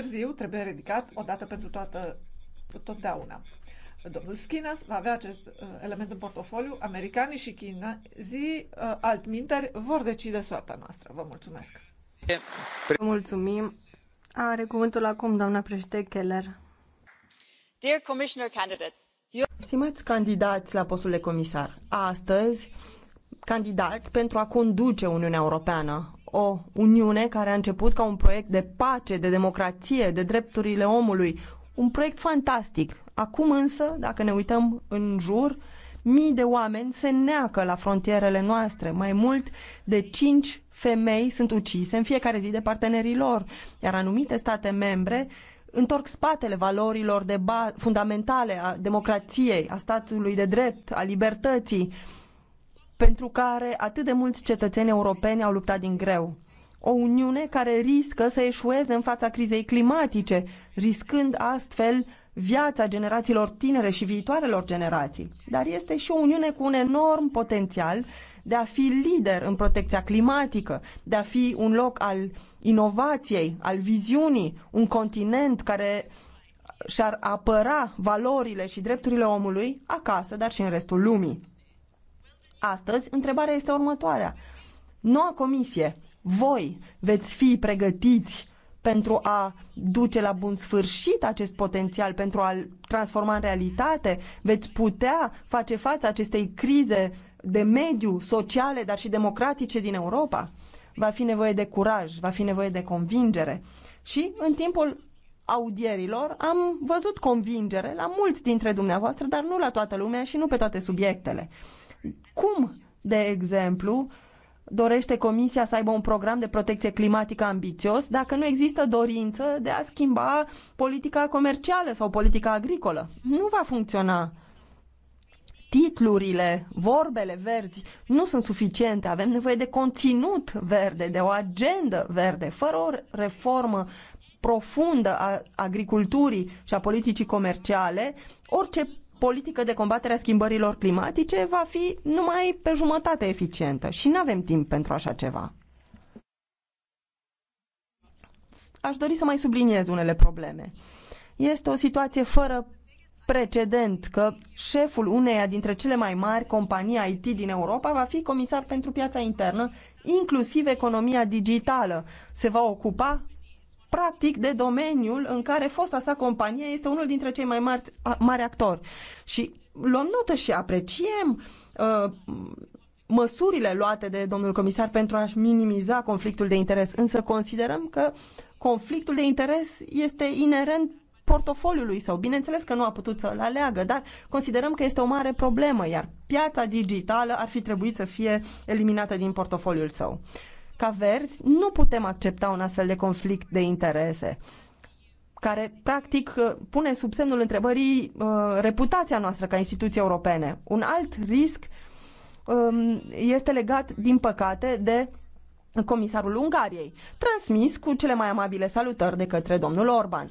târziu trebuie ridicat dată pentru toată, totdeauna. Domnul Schinas va avea acest uh, element în portofoliu. Americanii și chinezii, uh, altminteri, vor decide soarta noastră. Vă mulțumesc! Vă mulțumim! Are cuvântul acum doamna președinte Keller. Dear Commissioner Candidates, you... Stimați candidați la postul de comisar, astăzi candidați pentru a conduce Uniunea Europeană o uniune care a început ca un proiect de pace, de democrație, de drepturile omului. Un proiect fantastic. Acum însă, dacă ne uităm în jur, mii de oameni se neacă la frontierele noastre. Mai mult de cinci femei sunt ucise în fiecare zi de partenerii lor, iar anumite state membre întorc spatele valorilor de fundamentale a democrației, a statului de drept, a libertății. Uh, pentru care atât de mulți cetățeni europeni au luptat din greu. O Uniune care riscă să eșueze în fața crizei climatice, riscând astfel viața generațiilor tinere și viitoarelor generații. Dar este și o Uniune cu un enorm potențial de a fi lider în protecția climatică, de a fi un loc al inovației, al viziunii, un continent care și-ar apăra valorile și drepturile omului acasă, dar și în restul lumii astăzi, întrebarea este următoarea. Noua comisie, voi veți fi pregătiți pentru a duce la bun sfârșit acest potențial, pentru a-l transforma în realitate? Veți putea face față acestei crize de mediu, sociale, dar și democratice din Europa? Va fi nevoie de curaj, va fi nevoie de convingere. Și în timpul audierilor am văzut convingere la mulți dintre dumneavoastră, dar nu la toată lumea și nu pe toate subiectele. Cum, de exemplu, dorește Comisia să aibă un program de protecție climatică ambițios dacă nu există dorință de a schimba politica comercială sau politica agricolă? Nu va funcționa. Titlurile, vorbele verzi nu sunt suficiente. Avem nevoie de conținut verde, de o agendă verde. Fără o reformă profundă a agriculturii și a politicii comerciale, orice politică de combatere a schimbărilor climatice va fi numai pe jumătate eficientă și nu avem timp pentru așa ceva. Aș dori să mai subliniez unele probleme. Este o situație fără precedent că șeful uneia dintre cele mai mari companii IT din Europa va fi comisar pentru piața internă, inclusiv economia digitală. Se va ocupa practic de domeniul în care fosta sa companie este unul dintre cei mai mari, mari actori. Și luăm notă și apreciem uh, măsurile luate de domnul comisar pentru a-și minimiza conflictul de interes, însă considerăm că conflictul de interes este inerent portofoliului său. Bineînțeles că nu a putut să-l aleagă, dar considerăm că este o mare problemă, iar piața digitală ar fi trebuit să fie eliminată din portofoliul său ca verzi, nu putem accepta un astfel de conflict de interese care practic uh, pune sub semnul întrebării uh, reputația noastră ca instituții europene. Un alt risc um, este legat, din păcate, de comisarul Ungariei, transmis cu cele mai amabile salutări de către domnul Orban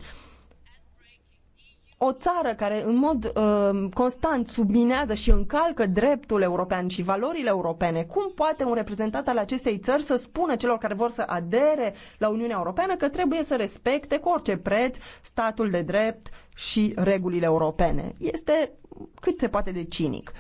o țară care în mod uh, constant subminează și încalcă dreptul european și valorile europene, cum poate un reprezentant al acestei țări să spună celor care vor să adere la Uniunea Europeană că trebuie să respecte cu orice preț statul de drept și regulile europene? Este cât se poate de cinic.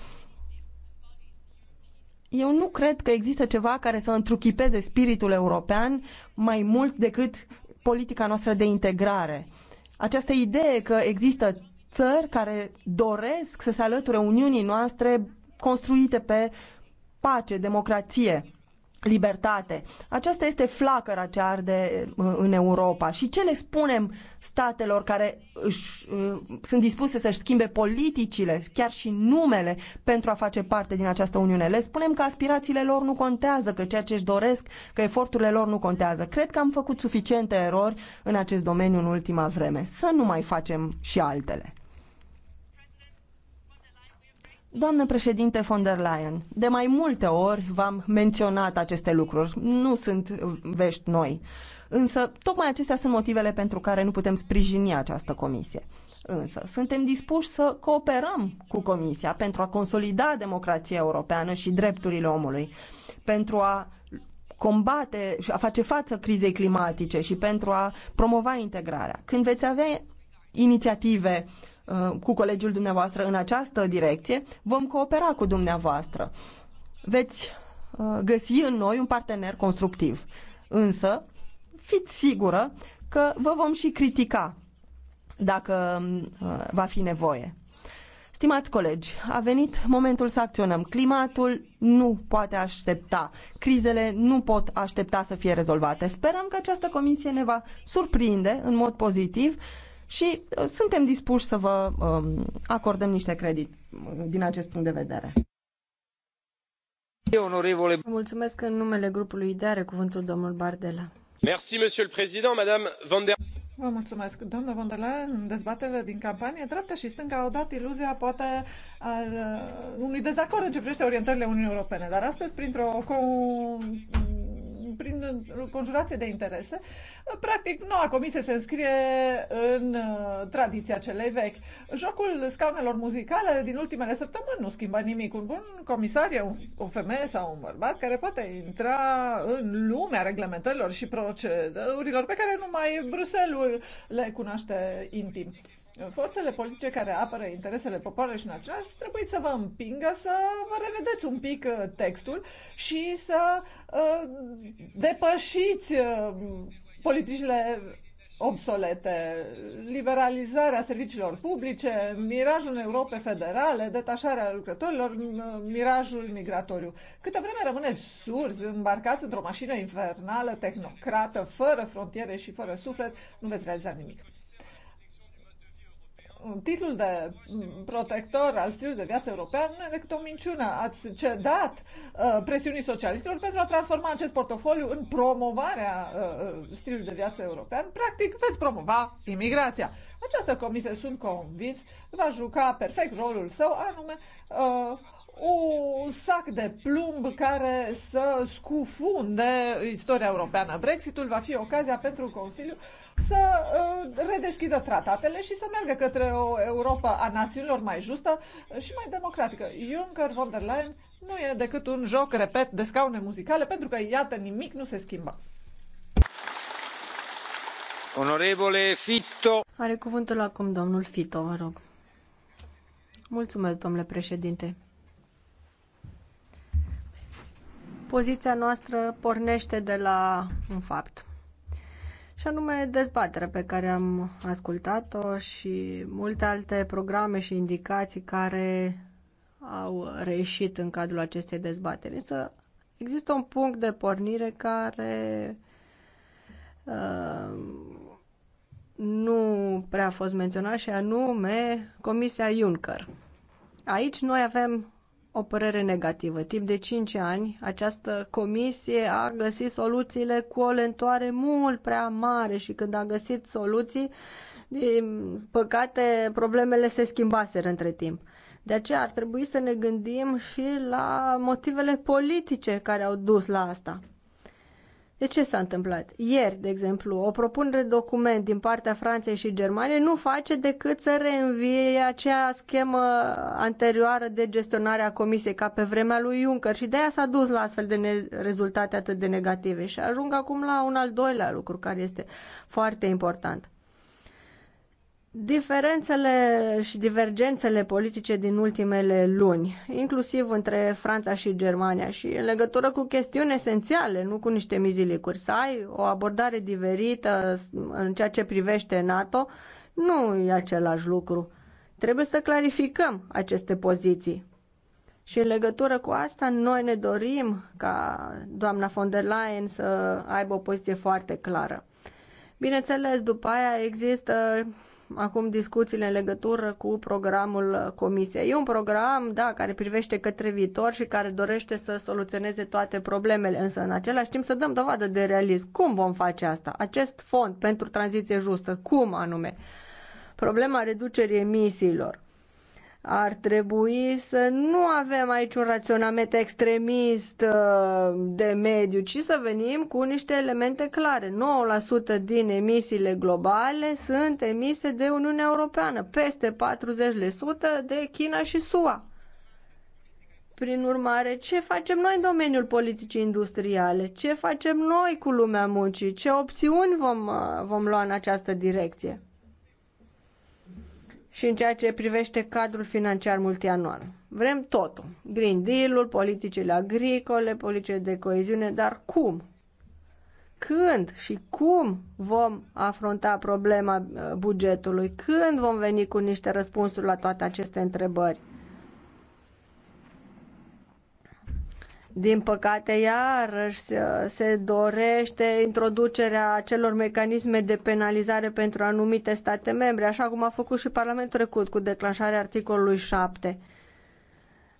Eu nu cred că există ceva care să întruchipeze spiritul european mai mult decât politica noastră de integrare această idee că există țări care doresc să se alăture Uniunii noastre construite pe pace, democrație libertate. Aceasta este flacăra ce arde uh, în Europa. Și ce le spunem statelor care își, uh, sunt dispuse să-și schimbe politicile, chiar și numele, pentru a face parte din această Uniune? Le spunem că aspirațiile lor nu contează, că ceea ce își doresc, că eforturile lor nu contează. Cred că am făcut suficiente erori în acest domeniu în ultima vreme. Să nu mai facem și altele. Doamnă președinte von der Leyen, de mai multe ori v-am menționat aceste lucruri. Nu sunt vești noi. Însă, tocmai acestea sunt motivele pentru care nu putem sprijini această comisie. Însă, suntem dispuși să cooperăm cu Comisia pentru a consolida democrația europeană și drepturile omului, pentru a combate și a face față crizei climatice și pentru a promova integrarea. Când veți avea inițiative uh, Uh, cu colegiul dumneavoastră în această direcție, vom coopera cu dumneavoastră. Veți uh, găsi în noi un partener constructiv. Însă, fiți sigură că vă vom și critica dacă um, uh, va fi nevoie. Stimați colegi, a venit momentul să acționăm. Climatul nu poate aștepta. Crizele nu pot aștepta să fie rezolvate. Sperăm că această comisie ne va surprinde în mod pozitiv și uh, suntem dispuși să vă um, acordăm niște credit uh, din acest punct de vedere. Mulțumesc în numele grupului de are cuvântul domnul Bardella. Merci, monsieur le président, madame van der Vă mulțumesc. Doamna von der Leyen, în dezbaterile din campanie, dreapta și stânga au dat iluzia, poate, al uh, unui dezacord în ce privește orientările Uniunii Europene. Dar astăzi, printr-o prin conjurație de interese, practic noua comisie se înscrie în uh, tradiția celei vechi. Jocul scaunelor muzicale din ultimele săptămâni nu schimbă nimic. Un bun comisar e o femeie sau un bărbat care poate intra în lumea reglementărilor și procedurilor pe care numai Bruselul le cunoaște intim forțele politice care apără interesele popoarelor și naționale trebuie să vă împingă să vă revedeți un pic uh, textul și să uh, depășiți uh, politicile obsolete, liberalizarea serviciilor publice, mirajul Europei Federale, detașarea lucrătorilor, mirajul migratoriu. Câte vreme rămâneți surzi, îmbarcați într-o mașină infernală, tehnocrată, fără frontiere și fără suflet, nu veți realiza nimic titlul de mm, protector al stilului de viață european nu e decât o minciună. Ați cedat uh, presiunii socialistilor pentru a transforma acest portofoliu în promovarea uh, uh, stilului de viață european. Practic, veți promova imigrația. Această comisie, sunt convins, va juca perfect rolul său, anume uh, un sac de plumb care să scufunde istoria europeană. Brexitul va fi ocazia pentru Consiliu să uh, redeschidă tratatele și să meargă către o Europa a națiunilor mai justă și mai democratică. Juncker von der Leyen nu e decât un joc, repet, de scaune muzicale, pentru că, iată, nimic nu se schimbă. Fitto. domnul domnule președinte. Poziția noastră pornește de la un fapt. Și anume dezbaterea pe care am ascultat-o și multe alte programe și indicații care au reieșit în cadrul acestei dezbateri. Însă există un punct de pornire care uh, nu prea a fost menționat și anume Comisia Juncker. Aici noi avem o părere negativă. Timp de 5 ani, această comisie a găsit soluțiile cu o lentoare mult prea mare și când a găsit soluții, din păcate, problemele se schimbaseră între timp. De aceea ar trebui să ne gândim și la motivele politice care au dus la asta. De ce s-a întâmplat? Ieri, de exemplu, o propunere de document din partea Franței și Germaniei nu face decât să reînvie acea schemă anterioară de gestionare a comisiei, ca pe vremea lui Juncker, și de aia s-a dus la astfel de rezultate atât de negative. Și ajung acum la un al doilea lucru care este foarte important. Diferențele și divergențele politice din ultimele luni, inclusiv între Franța și Germania și în legătură cu chestiuni esențiale, nu cu niște mizilicuri, să ai o abordare diferită în ceea ce privește NATO, nu e același lucru. Trebuie să clarificăm aceste poziții. Și în legătură cu asta, noi ne dorim ca doamna von der Leyen să aibă o poziție foarte clară. Bineînțeles, după aia există acum discuțiile în legătură cu programul Comisiei. E un program, da, care privește către viitor și care dorește să soluționeze toate problemele, însă în același timp să dăm dovadă de realism. Cum vom face asta? Acest fond pentru tranziție justă, cum anume? Problema reducerii emisiilor ar trebui să nu avem aici un raționament extremist uh, de mediu, ci să venim cu niște elemente clare. 9% din emisiile globale sunt emise de Uniunea Europeană, peste 40% de China și SUA. Prin urmare, ce facem noi în domeniul politicii industriale? Ce facem noi cu lumea muncii? Ce opțiuni vom, uh, vom lua în această direcție? și în ceea ce privește cadrul financiar multianual. Vrem totul. Green Deal-ul, politicile agricole, politicile de coeziune, dar cum? Când și cum vom afronta problema uh, bugetului? Când vom veni cu niște răspunsuri la toate aceste întrebări? Din păcate, iarăși se dorește introducerea acelor mecanisme de penalizare pentru anumite state membre, așa cum a făcut și Parlamentul trecut cu declanșarea articolului 7.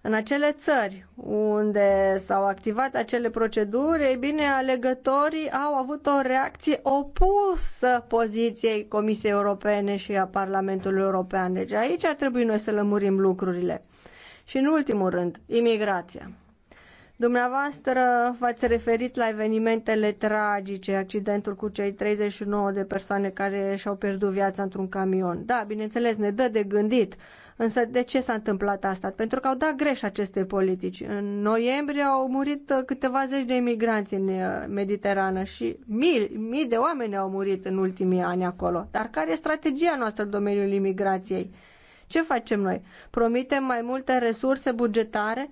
În acele țări unde s-au activat acele proceduri, ei bine, alegătorii au avut o reacție opusă poziției Comisiei Europene și a Parlamentului European. Deci aici ar trebui noi să lămurim lucrurile. Și în ultimul rând, imigrația. Dumneavoastră v-ați referit la evenimentele tragice, accidentul cu cei 39 de persoane care și-au pierdut viața într-un camion. Da, bineînțeles, ne dă de gândit. Însă de ce s-a întâmplat asta? Pentru că au dat greș aceste politici. În noiembrie au murit câteva zeci de imigranți în uh, Mediterană și mii, mii de oameni au murit în ultimii ani acolo. Dar care e strategia noastră în domeniul imigrației? Ce facem noi? Promitem mai multe resurse bugetare?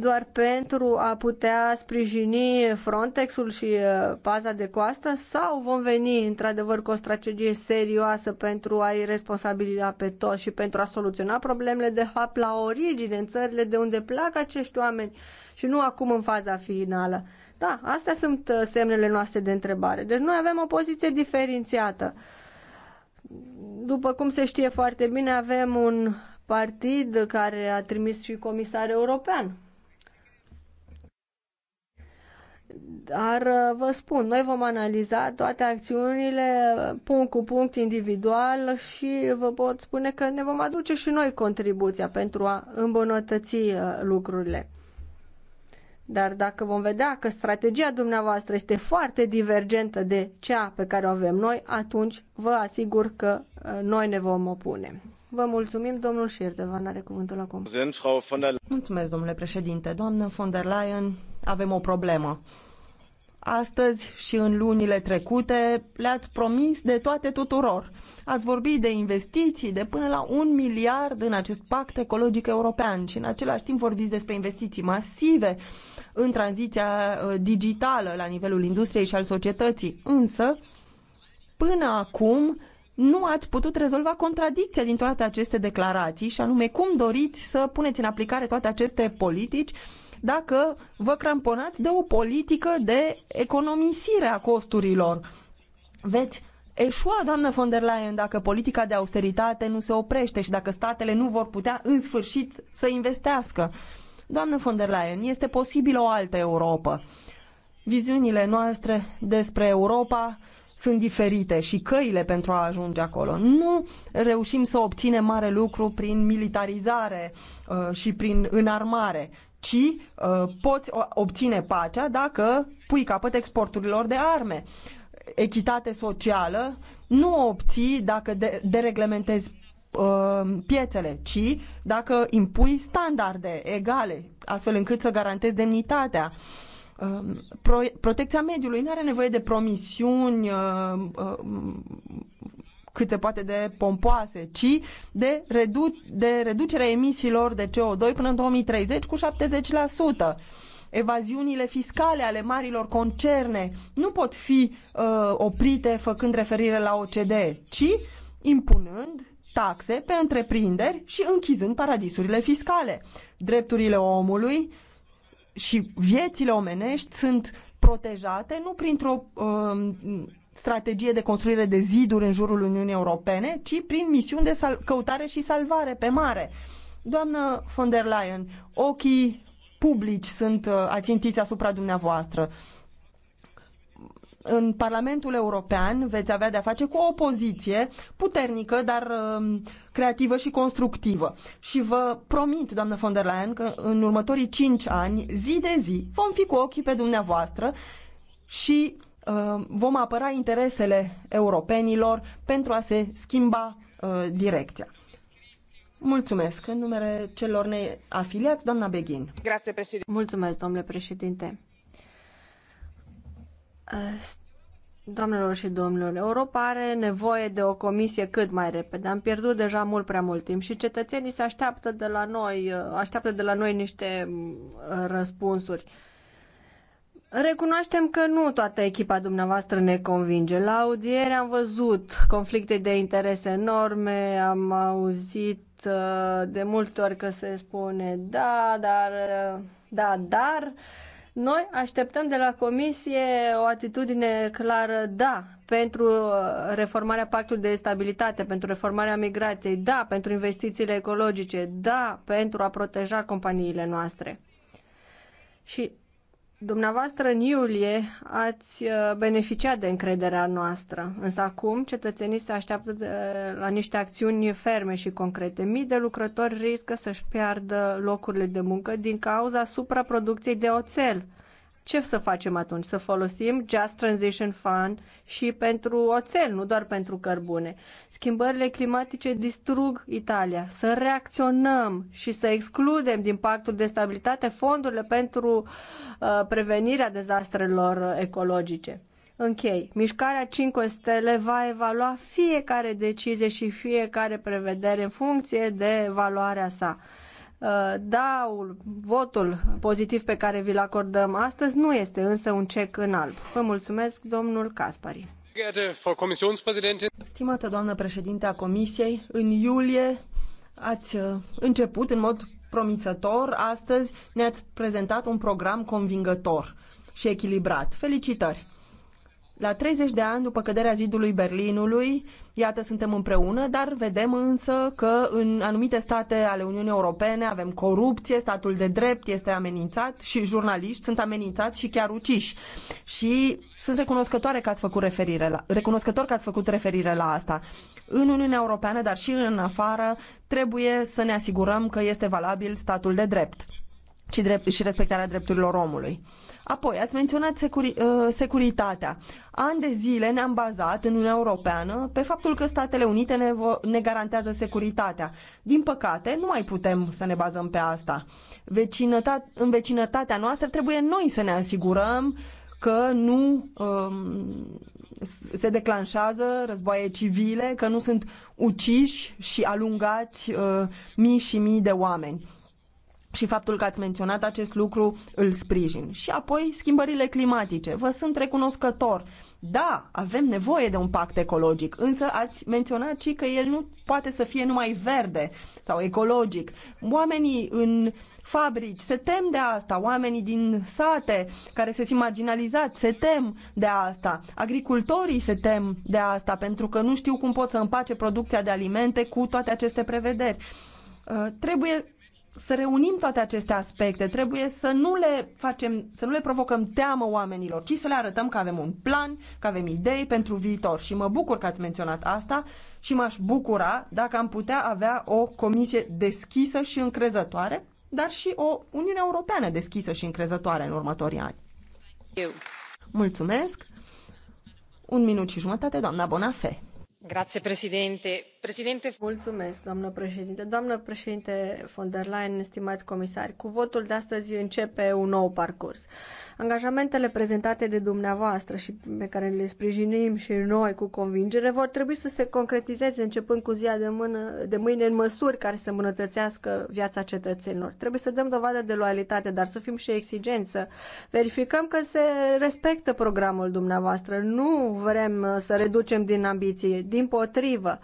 doar pentru a putea sprijini Frontexul și uh, paza de coastă sau vom veni într-adevăr cu o strategie serioasă pentru a-i responsabiliza pe toți și pentru a soluționa problemele de fapt la origine, în țările de unde plac acești oameni și nu acum în faza finală. Da, astea sunt uh, semnele noastre de întrebare. Deci noi avem o poziție diferențiată. După cum se știe foarte bine, avem un partid care a trimis și comisar european Dar uh, vă spun, noi vom analiza toate acțiunile punct cu punct individual și vă pot spune că ne vom aduce și noi contribuția pentru a îmbunătăți uh, lucrurile. Dar dacă vom vedea că strategia dumneavoastră este foarte divergentă de cea pe care o avem noi, atunci vă asigur că uh, noi ne vom opune. Vă mulțumim, domnul Șirdevan are cuvântul acum. Mulțumesc, domnule președinte. Doamnă von der Leyen, avem o problemă astăzi și în lunile trecute le-ați promis de toate tuturor. Ați vorbit de investiții de până la un miliard în acest pact ecologic european și în același timp vorbiți despre investiții masive în tranziția uh, digitală la nivelul industriei și al societății. Însă, până acum, nu ați putut rezolva contradicția din toate aceste declarații și anume cum doriți să puneți în aplicare toate aceste politici uh, dacă vă cramponați de o politică de economisire a costurilor. Veți eșua, doamnă von der Leyen, dacă politica de austeritate nu se oprește și dacă statele nu vor putea în sfârșit să investească. Doamnă von der Leyen, este posibilă o altă Europa. Viziunile noastre despre Europa sunt diferite și căile pentru a ajunge acolo. Nu reușim să obținem mare lucru prin militarizare uh, și prin înarmare, ci uh, poți obține pacea dacă pui capăt exporturilor de arme. Echitate socială nu obții dacă de- dereglementezi uh, piețele, ci dacă impui standarde egale, astfel încât să garantezi demnitatea. Uh, protecția mediului nu are nevoie de promisiuni uh, cât se poate de pompoase, ci de, redu- de reducerea emisiilor de CO2 până în 2030 cu 70% evaziunile fiscale ale marilor concerne nu pot fi uh, oprite făcând referire la OCDE, ci impunând taxe pe întreprinderi și închizând paradisurile fiscale. Drepturile omului și viețile omenești sunt protejate nu printr-o uh, strategie de construire de ziduri în jurul Uniunii Europene, ci prin misiuni de căutare și salvare pe mare. Doamnă von der Leyen, ochii publici sunt uh, ațintiți asupra dumneavoastră. În Parlamentul European veți avea de-a face cu o opoziție puternică, dar uh, creativă și constructivă. Și vă promit, doamnă von der Leyen, că în următorii cinci ani, zi de zi, vom fi cu ochii pe dumneavoastră și Uh, vom apăra interesele europenilor pentru a se schimba uh, direcția. Mulțumesc. În numele celor neafiliați, doamna Beghin. Grație, președinte. Mulțumesc, domnule președinte. Uh, domnilor și domnilor, Europa are nevoie de o comisie cât mai repede. Am pierdut deja mult prea mult timp și cetățenii se așteaptă de la noi, așteaptă de la noi niște mm, răspunsuri. Recunoaștem că nu toată echipa dumneavoastră ne convinge. La audiere am văzut conflicte de interese enorme, am auzit uh, de multe ori că se spune da, dar, uh, da, dar. Noi așteptăm de la Comisie o atitudine clară da pentru uh, reformarea pactului de stabilitate, pentru reformarea migrației, da pentru investițiile ecologice, da pentru a proteja companiile noastre. Și Dumneavoastră, în iulie, ați uh, beneficiat de încrederea noastră, însă acum cetățenii se așteaptă uh, la niște acțiuni ferme și concrete. Mii de lucrători riscă să-și piardă locurile de muncă din cauza supraproducției de oțel ce să facem atunci? Să folosim Just Transition Fund și pentru oțel, nu doar pentru cărbune. Schimbările climatice distrug Italia. Să reacționăm și să excludem din pactul de stabilitate fondurile pentru uh, prevenirea dezastrelor ecologice. Închei. Mișcarea 5 stele va evalua fiecare decizie și fiecare prevedere în funcție de valoarea sa. Uh, daul, votul pozitiv pe care vi-l acordăm astăzi nu este însă un cec în alb. Vă mulțumesc, domnul Caspari. Stimată doamnă președinte a Comisiei, în iulie ați uh, început în mod promițător. Astăzi ne-ați prezentat un program convingător și echilibrat. Felicitări! La 30 de ani după căderea zidului Berlinului, iată, suntem împreună, dar vedem însă că în anumite state ale Uniunii Europene avem corupție, statul de drept este amenințat și jurnaliști sunt amenințați și chiar uciși. Și sunt recunoscătoare că ați făcut referire la, recunoscător că ați făcut referire la asta. În Uniunea Europeană, dar și în afară, trebuie să ne asigurăm că este valabil statul de drept ci drept, și respectarea drepturilor omului. Apoi, ați menționat securi, uh, securitatea. Ani de zile ne-am bazat în Uniunea Europeană pe faptul că Statele Unite ne, ne garantează securitatea. Din păcate, nu mai putem să ne bazăm pe asta. Vecinătate, în vecinătatea noastră trebuie noi să ne asigurăm că nu um, se declanșează războaie civile, că nu sunt uciși și alungați uh, mii și mii de oameni și faptul că ați menționat acest lucru îl sprijin. Și apoi schimbările climatice. Vă sunt recunoscător. Da, avem nevoie de un pact ecologic, însă ați menționat și că el nu poate să fie numai verde sau ecologic. Oamenii în fabrici se tem de asta, oamenii din sate care se simt marginalizați se tem de asta, agricultorii se tem de asta pentru că nu știu cum pot să împace producția de alimente cu toate aceste prevederi. Uh, trebuie să reunim toate aceste aspecte. Trebuie să nu le facem, să nu le provocăm teamă oamenilor, ci să le arătăm că avem un plan, că avem idei pentru viitor. Și mă bucur că ați menționat asta și m-aș bucura dacă am putea avea o comisie deschisă și încrezătoare, dar și o Uniune Europeană deschisă și încrezătoare în următorii ani. Eu. Mulțumesc. Un minut și jumătate, doamna Bonafe. Grazie, președinte președinte. Mulțumesc, doamnă președinte. Doamnă președinte von der Leyen, estimați comisari, cu votul de astăzi începe un nou parcurs. Angajamentele prezentate de dumneavoastră și pe care le sprijinim și noi cu convingere vor trebui să se concretizeze începând cu ziua de, mână, de mâine în măsuri care să îmbunătățească viața cetățenilor. Trebuie să dăm dovadă de loialitate, dar să fim și exigenți, să verificăm că se respectă programul dumneavoastră. Nu vrem să reducem din ambiție, din potrivă.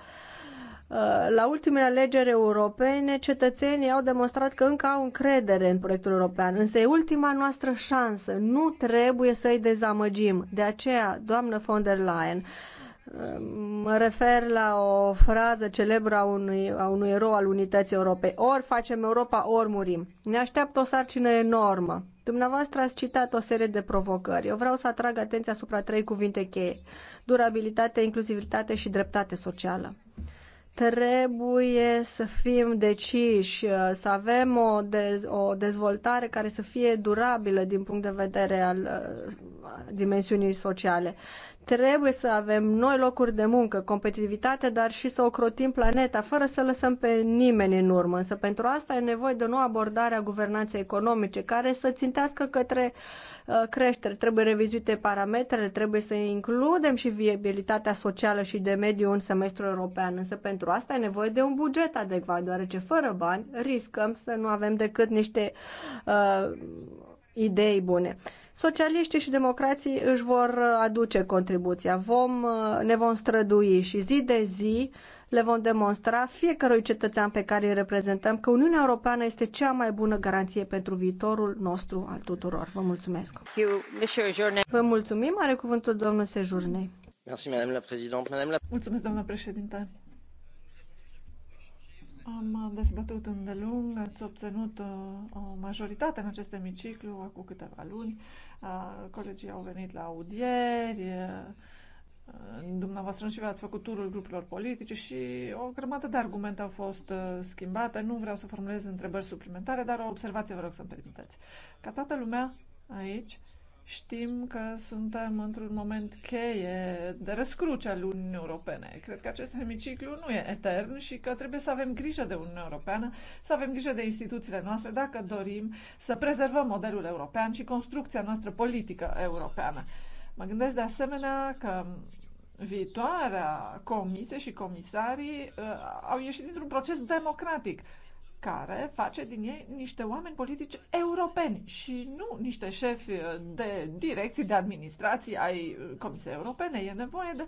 Uh, la ultimele alegeri europene, cetățenii au demonstrat că încă au încredere în proiectul european, însă e ultima noastră șansă. Nu trebuie să îi dezamăgim. De aceea, doamnă von der Leyen, uh, Mă refer la o frază celebră a unui, a unui erou al unității Europei. Ori facem Europa, ori murim. Ne așteaptă o sarcină enormă. Dumneavoastră ați citat o serie de provocări. Eu vreau să atrag atenția asupra trei cuvinte cheie. Durabilitate, inclusivitate și dreptate socială trebuie să fim deciși, uh, să avem o, dez, o dezvoltare care să fie durabilă din punct de vedere al uh, dimensiunii sociale. Trebuie să avem noi locuri de muncă, competitivitate, dar și să ocrotim planeta, fără să lăsăm pe nimeni în urmă. Însă pentru asta e nevoie de o nouă abordare a guvernanței economice, care să țintească către uh, creștere. Trebuie revizuite parametrele, trebuie să includem și viabilitatea socială și de mediu în semestrul european. Însă pentru asta e nevoie de un buget adecvat, deoarece fără bani riscăm să nu avem decât niște uh, idei bune. Uh, Socialiștii și democrații își vor uh, aduce contribuția. Vom, uh, ne vom strădui și zi de zi le vom demonstra fiecărui cetățean pe care îi reprezentăm că Uniunea Europeană este cea mai bună garanție pentru viitorul nostru al tuturor. Vă mulțumesc! Vă mulțumim, are cuvântul domnul Sejurnei. Mulțumesc, doamnă președinte. Am dezbătut îndelung, ați obținut uh, o majoritate în acest emiciclu acum câteva luni. Uh, colegii au venit la audieri, uh, dumneavoastră și v-ați făcut turul grupurilor politice și o grămadă de argumente au fost schimbate. Nu vreau să formulez întrebări suplimentare, dar o observație vă rog să-mi permiteți. Ca toată lumea aici, Știm că suntem într-un moment cheie de răscruce al Uniunii Europene. Cred că acest hemiciclu nu e etern și că trebuie să avem grijă de Uniunea Europeană, să avem grijă de instituțiile noastre dacă dorim să prezervăm modelul european și construcția noastră politică europeană. Mă gândesc de asemenea că viitoarea comisie și comisarii uh, au ieșit dintr-un proces democratic care face din ei niște oameni politici europeni și nu niște șefi uh, de direcții, de administrații ai uh, Comisiei Europene. E nevoie de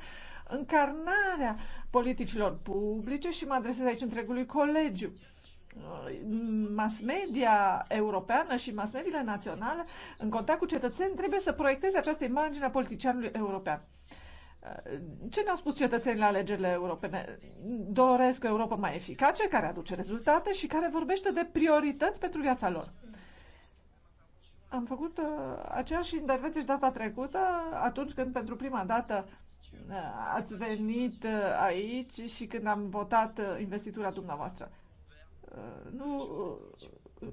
încarnarea politicilor publice și mă adresez aici întregului colegiu uh, mass media europeană și mass mediile naționale în contact cu cetățeni trebuie să proiecteze această imagine a politicianului european. Ce ne-au spus cetățenii la alegerile europene? Doresc o Europa mai eficace, care aduce rezultate și care vorbește de priorități pentru viața lor. Am făcut uh, aceeași intervenție și data trecută, atunci când pentru prima dată uh, ați venit uh, aici și când am votat uh, investitura dumneavoastră. Uh, nu, uh,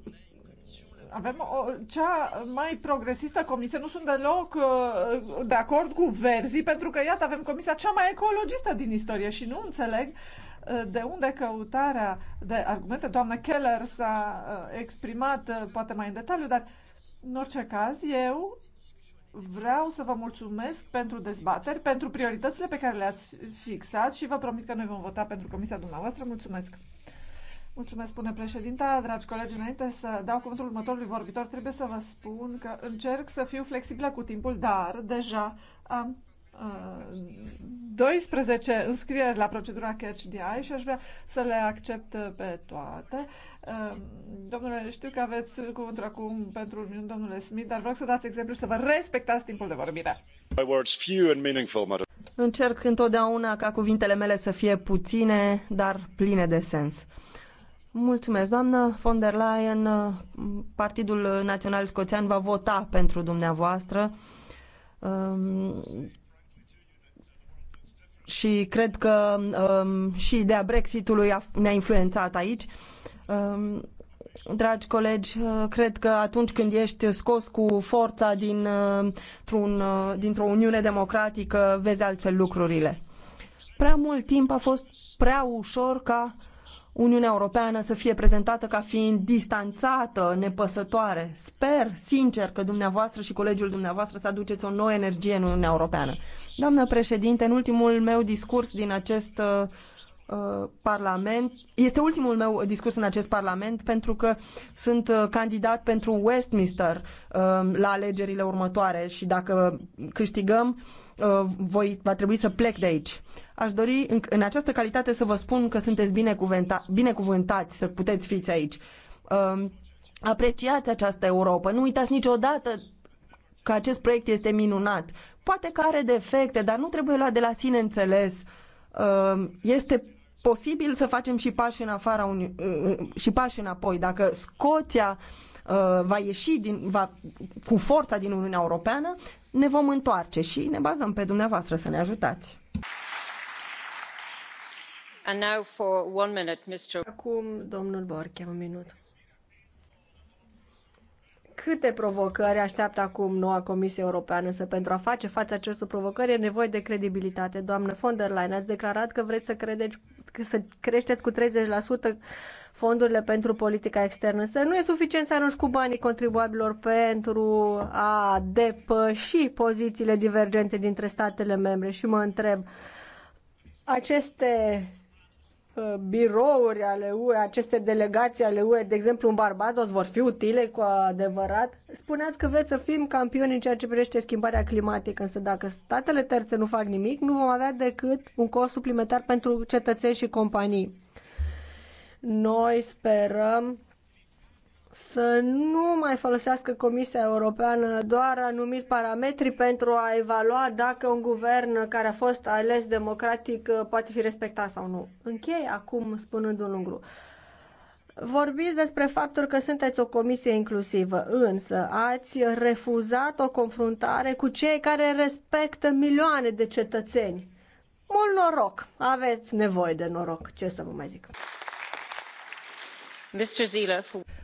avem o, cea mai progresistă comisie. Nu sunt deloc uh, de acord cu verzii, pentru că, iată, avem comisia cea mai ecologistă din istorie și nu înțeleg uh, de unde căutarea de argumente. Doamna Keller s-a uh, exprimat poate mai în detaliu, dar în orice caz eu vreau să vă mulțumesc pentru dezbateri, pentru prioritățile pe care le-ați fixat și vă promit că noi vom vota pentru comisia dumneavoastră. Mulțumesc! Mulțumesc, spune președinta. Dragi colegi, înainte să dau cuvântul următorului vorbitor, trebuie să vă spun că încerc să fiu flexibilă cu timpul, dar deja am uh, 12 înscrieri la procedura Catch DI și aș vrea să le accept pe toate. Uh, domnule, știu că aveți cuvântul acum pentru un minut, domnule Smith, dar vreau să dați exemplu și să vă respectați timpul de vorbire. Încerc întotdeauna ca cuvintele mele să fie puține, dar pline de sens. Mulțumesc, doamnă von der Leyen. Partidul Național Scoțian va vota pentru dumneavoastră. Um, și cred că um, și ideea Brexitului ne-a influențat aici. Um, dragi colegi, uh, cred că atunci când ești scos cu forța dintr-un, uh, uh, dintr-o Uniune Democratică, vezi altfel lucrurile. Prea mult timp a fost prea ușor ca Uniunea Europeană să fie prezentată ca fiind distanțată, nepăsătoare. Sper, sincer, că dumneavoastră și colegiul dumneavoastră să aduceți o nouă energie în Uniunea Europeană. Doamnă președinte, în ultimul meu discurs din acest uh, uh, Parlament. Este ultimul meu discurs în acest Parlament pentru că sunt uh, candidat pentru Westminster la alegerile următoare și dacă câștigăm, voi, va trebui să plec de aici. Aș dori în, în această calitate să vă spun că sunteți binecuvânta, binecuvântați să puteți fiți aici. Uh, apreciați această Europa. Nu uitați niciodată că acest proiect este minunat. Poate că are defecte, dar nu trebuie luat de la sine înțeles. Uh, este posibil să facem și pași în afara Uni- uh, uh și pași înapoi. Dacă Scoția uh, va ieși din, va, cu forța din Uniunea Europeană, ne vom întoarce și ne bazăm pe dumneavoastră să ne ajutați. Acum, domnul minut. Câte provocări așteaptă acum noua Comisie Europeană, însă pentru a face față acestor provocări e nevoie de credibilitate. Doamnă von der Leyen, ați declarat că vreți să, credeți, să creșteți cu 30% fondurile pentru politica externă. Însă nu e suficient să arunci cu banii contribuabilor pentru a depăși pozițiile divergente dintre statele membre. Și mă întreb, aceste Uh, birouri ale UE, aceste delegații ale UE, de exemplu în Barbados, vor fi utile cu adevărat? Spuneați că vreți să fim campioni în ceea ce privește schimbarea climatică, însă dacă statele terțe nu fac nimic, nu vom avea decât un cost suplimentar pentru cetățeni și companii. Noi sperăm să nu mai folosească Comisia Europeană doar anumit parametri pentru a evalua dacă un guvern care a fost ales democratic uh, poate fi respectat sau nu. Închei acum spunând un lucru. Vorbiți despre faptul că sunteți o comisie inclusivă, însă ați refuzat o confruntare cu cei care respectă milioane de cetățeni. Mult noroc! Aveți nevoie de noroc, ce să vă mai zic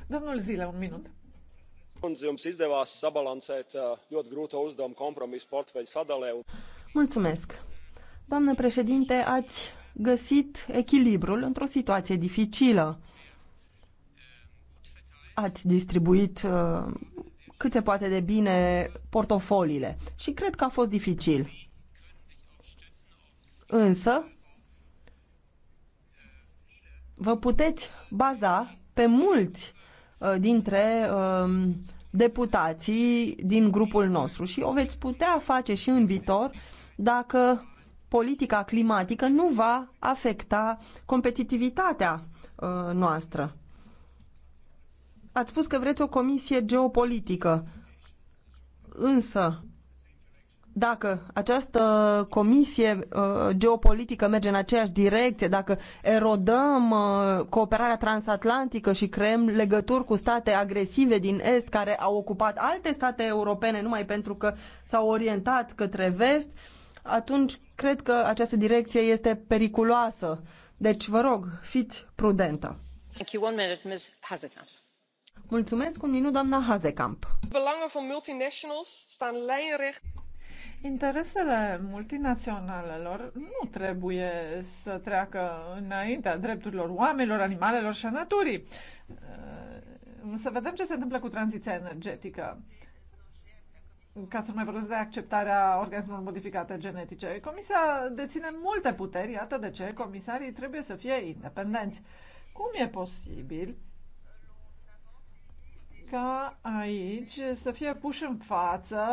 domnule zile un minut kundze jums izdevās sabalansēt eh, ļoti grūto uzdevumu kompromisu portfeļu sadalē. Mulțumesc. Doamnă președinte, ați găsit echilibrul într-o situație dificilă. Ați distribuit eh, cât se poate de bine portofoliile și cred că a fost dificil. Însă, vă puteți baza pe mulți uh, dintre um, deputații din grupul nostru și o veți putea face și în viitor dacă politica climatică nu va afecta competitivitatea uh, noastră. Ați spus că vreți o comisie geopolitică, însă dacă această comisie uh, geopolitică merge în aceeași direcție, dacă erodăm uh, cooperarea transatlantică și creăm legături cu state agresive din Est care au ocupat alte state europene numai pentru că s-au orientat către Vest, atunci cred că această direcție este periculoasă. Deci, vă rog, fiți prudentă. Mulțumesc, un minut, Ms. Hazekamp. Mulțumesc un minut, doamna Hazekamp. Interesele multinaționalelor nu trebuie să treacă înaintea drepturilor oamenilor, animalelor și a naturii. Uh, să vedem ce se întâmplă cu tranziția energetică ca să nu mai vorbesc de acceptarea organismelor modificate genetice. Comisia deține multe puteri, iată de ce comisarii trebuie să fie independenți. Cum e posibil ca aici să fie puși în față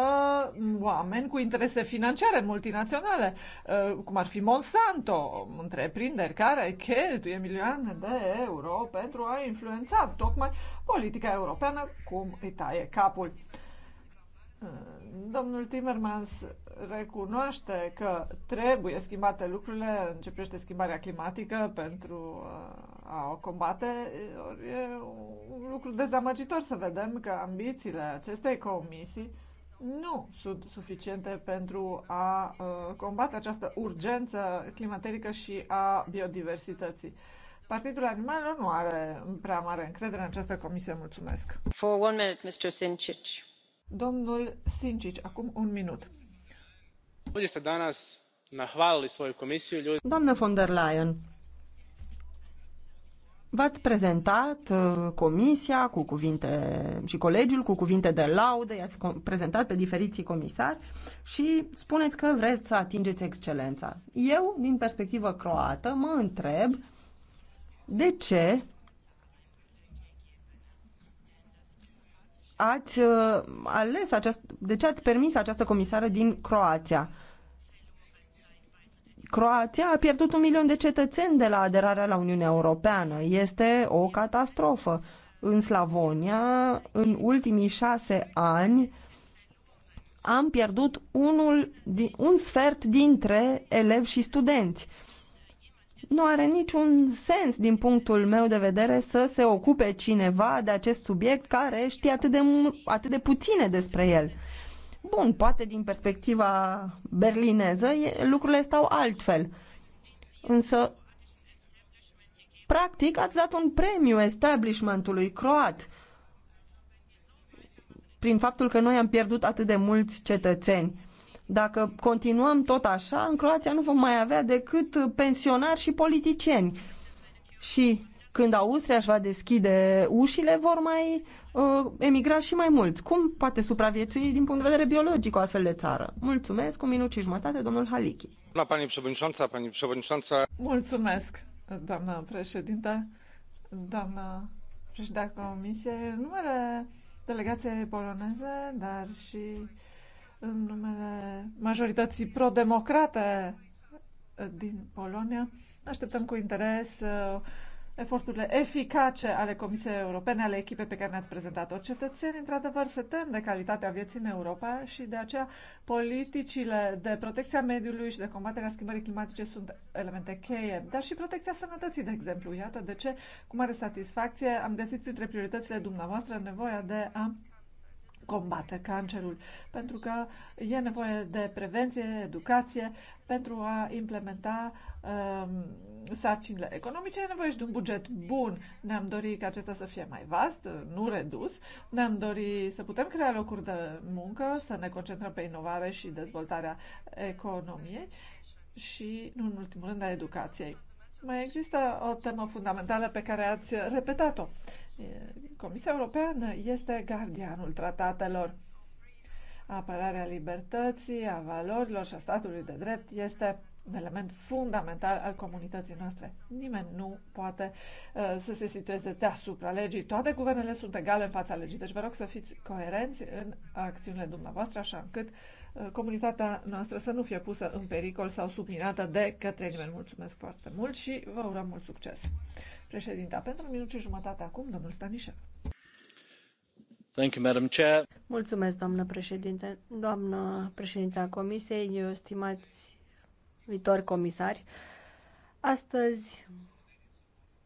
oameni cu interese financiare multinaționale, uh, cum ar fi Monsanto, întreprinderi care cheltuie milioane de euro pentru a influența tocmai politica europeană cum îi taie capul. Domnul Timmermans recunoaște că trebuie schimbate lucrurile, începește schimbarea climatică pentru uh, a o combate. E un lucru dezamăgitor să vedem că ambițiile acestei comisii nu sunt suficiente pentru a uh, combate această urgență climaterică și a biodiversității. Partidul Animalelor nu are prea mare încredere în această comisie. Mulțumesc. For one minute, Mr. Domnul Sinčić, acum un minut. Doamnă von der Leyen, V-ați prezentat uh, comisia cu cuvinte și colegiul cu cuvinte de laudă, i-ați prezentat pe diferiții comisari și spuneți că vreți să atingeți excelența. Eu, din perspectivă croată, mă întreb de ce ați uh, ales aceast, de ce ați permis această comisară din Croația? Croația a pierdut un milion de cetățeni de la aderarea la Uniunea Europeană. Este o catastrofă. În Slavonia, în ultimii șase ani, am pierdut unul, un sfert dintre elevi și studenți nu are niciun sens din punctul meu de vedere să se ocupe cineva de acest subiect care știe atât de, atât de puține despre el. Bun, poate din perspectiva berlineză lucrurile stau altfel. Însă, practic, ați dat un premiu establishmentului croat prin faptul că noi am pierdut atât de mulți cetățeni dacă continuăm tot așa, în Croația nu vom mai avea decât pensionari și politicieni. Și când Austria își va deschide ușile, vor mai uh, emigra și mai mult. Cum poate supraviețui din punct de vedere biologic o astfel de țară? Mulțumesc, un minut și jumătate, domnul Halichi. La pani președinte, pani președința. Mulțumesc, doamna președintă, doamna președinte Comisiei, numele delegației poloneze, dar și în numele majorității pro-democrate eh, din Polonia. Așteptăm cu interes eh, eforturile eficace ale Comisiei Europene, ale echipei pe care ne-ați prezentat-o. Cetățenii, într-adevăr, se tem de calitatea vieții în Europa și de aceea politicile de protecția mediului și de combaterea schimbării climatice sunt elemente cheie, dar și protecția sănătății, de exemplu. Iată de ce, cu mare satisfacție, am găsit printre prioritățile dumneavoastră nevoia de a combate cancerul, pentru că e nevoie de prevenție, educație, pentru a implementa um, sarcinile economice, e nevoie și de un buget bun. Ne-am dorit ca acesta să fie mai vast, nu redus. Ne-am dorit să putem crea locuri de muncă, să ne concentrăm pe inovare și dezvoltarea economiei și, nu în ultimul rând, a educației. Mai există o temă fundamentală pe care ați repetat-o Comisia Europeană este gardianul tratatelor. Apărarea libertății, a valorilor și a statului de drept este un element fundamental al comunității noastre. Nimeni nu poate uh, să se situeze deasupra legii. Toate guvernele sunt egale în fața legii. Deci vă rog să fiți coerenți în acțiunile dumneavoastră, așa încât Uh, comunitatea noastră să nu fie pusă în pericol sau subminată de către nimeni. Mulțumesc foarte mult și vă urăm mult succes. Președinta, pentru un minut și jumătate acum, domnul Stanișev. Thank you, Madam Chair. Mulțumesc, doamnă președinte, doamnă președinte a Comisiei, stimați viitori comisari. Astăzi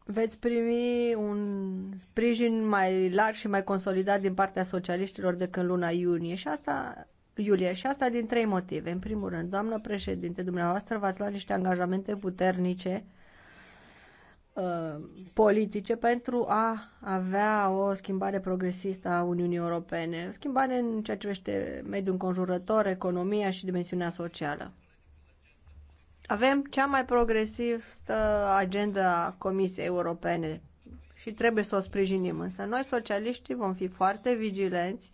veți primi un sprijin mai larg și mai consolidat din partea socialiștilor de când luna iunie și asta iulie și asta din trei motive. În primul rând, doamnă președinte, dumneavoastră v-ați luat niște angajamente puternice uh, politice pentru a avea o schimbare progresistă a Uniunii Europene, o schimbare în ceea ce privește mediul înconjurător, economia și dimensiunea socială. Avem cea mai progresivă agenda a Comisiei Europene și trebuie să o sprijinim, însă noi socialiștii vom fi foarte vigilenți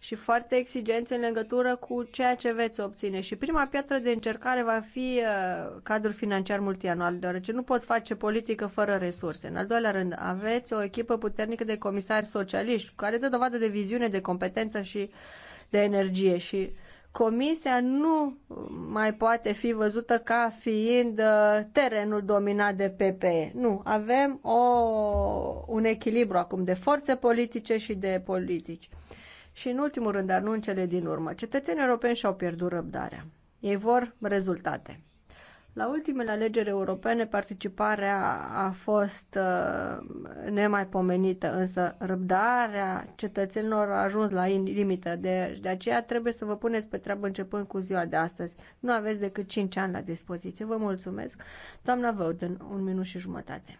și foarte exigenți în legătură cu ceea ce veți obține. Și prima piatră de încercare va fi uh, cadrul financiar multianual, deoarece nu poți face politică fără resurse. În al doilea rând, aveți o echipă puternică de comisari socialiști care dă dovadă de viziune, de competență și de energie și Comisia nu mai poate fi văzută ca fiind uh, terenul dominat de PPE. Nu, avem o, un echilibru acum de forțe politice și de politici. Și în ultimul rând, dar nu în cele din urmă, cetățenii europeni și-au pierdut răbdarea. Ei vor rezultate. La ultimele alegeri europene, participarea a fost uh, nemaipomenită, însă răbdarea cetățenilor a ajuns la limită. De, de aceea trebuie să vă puneți pe treabă începând cu ziua de astăzi. Nu aveți decât 5 ani la dispoziție. Vă mulțumesc. Doamna Văuden, un minut și jumătate.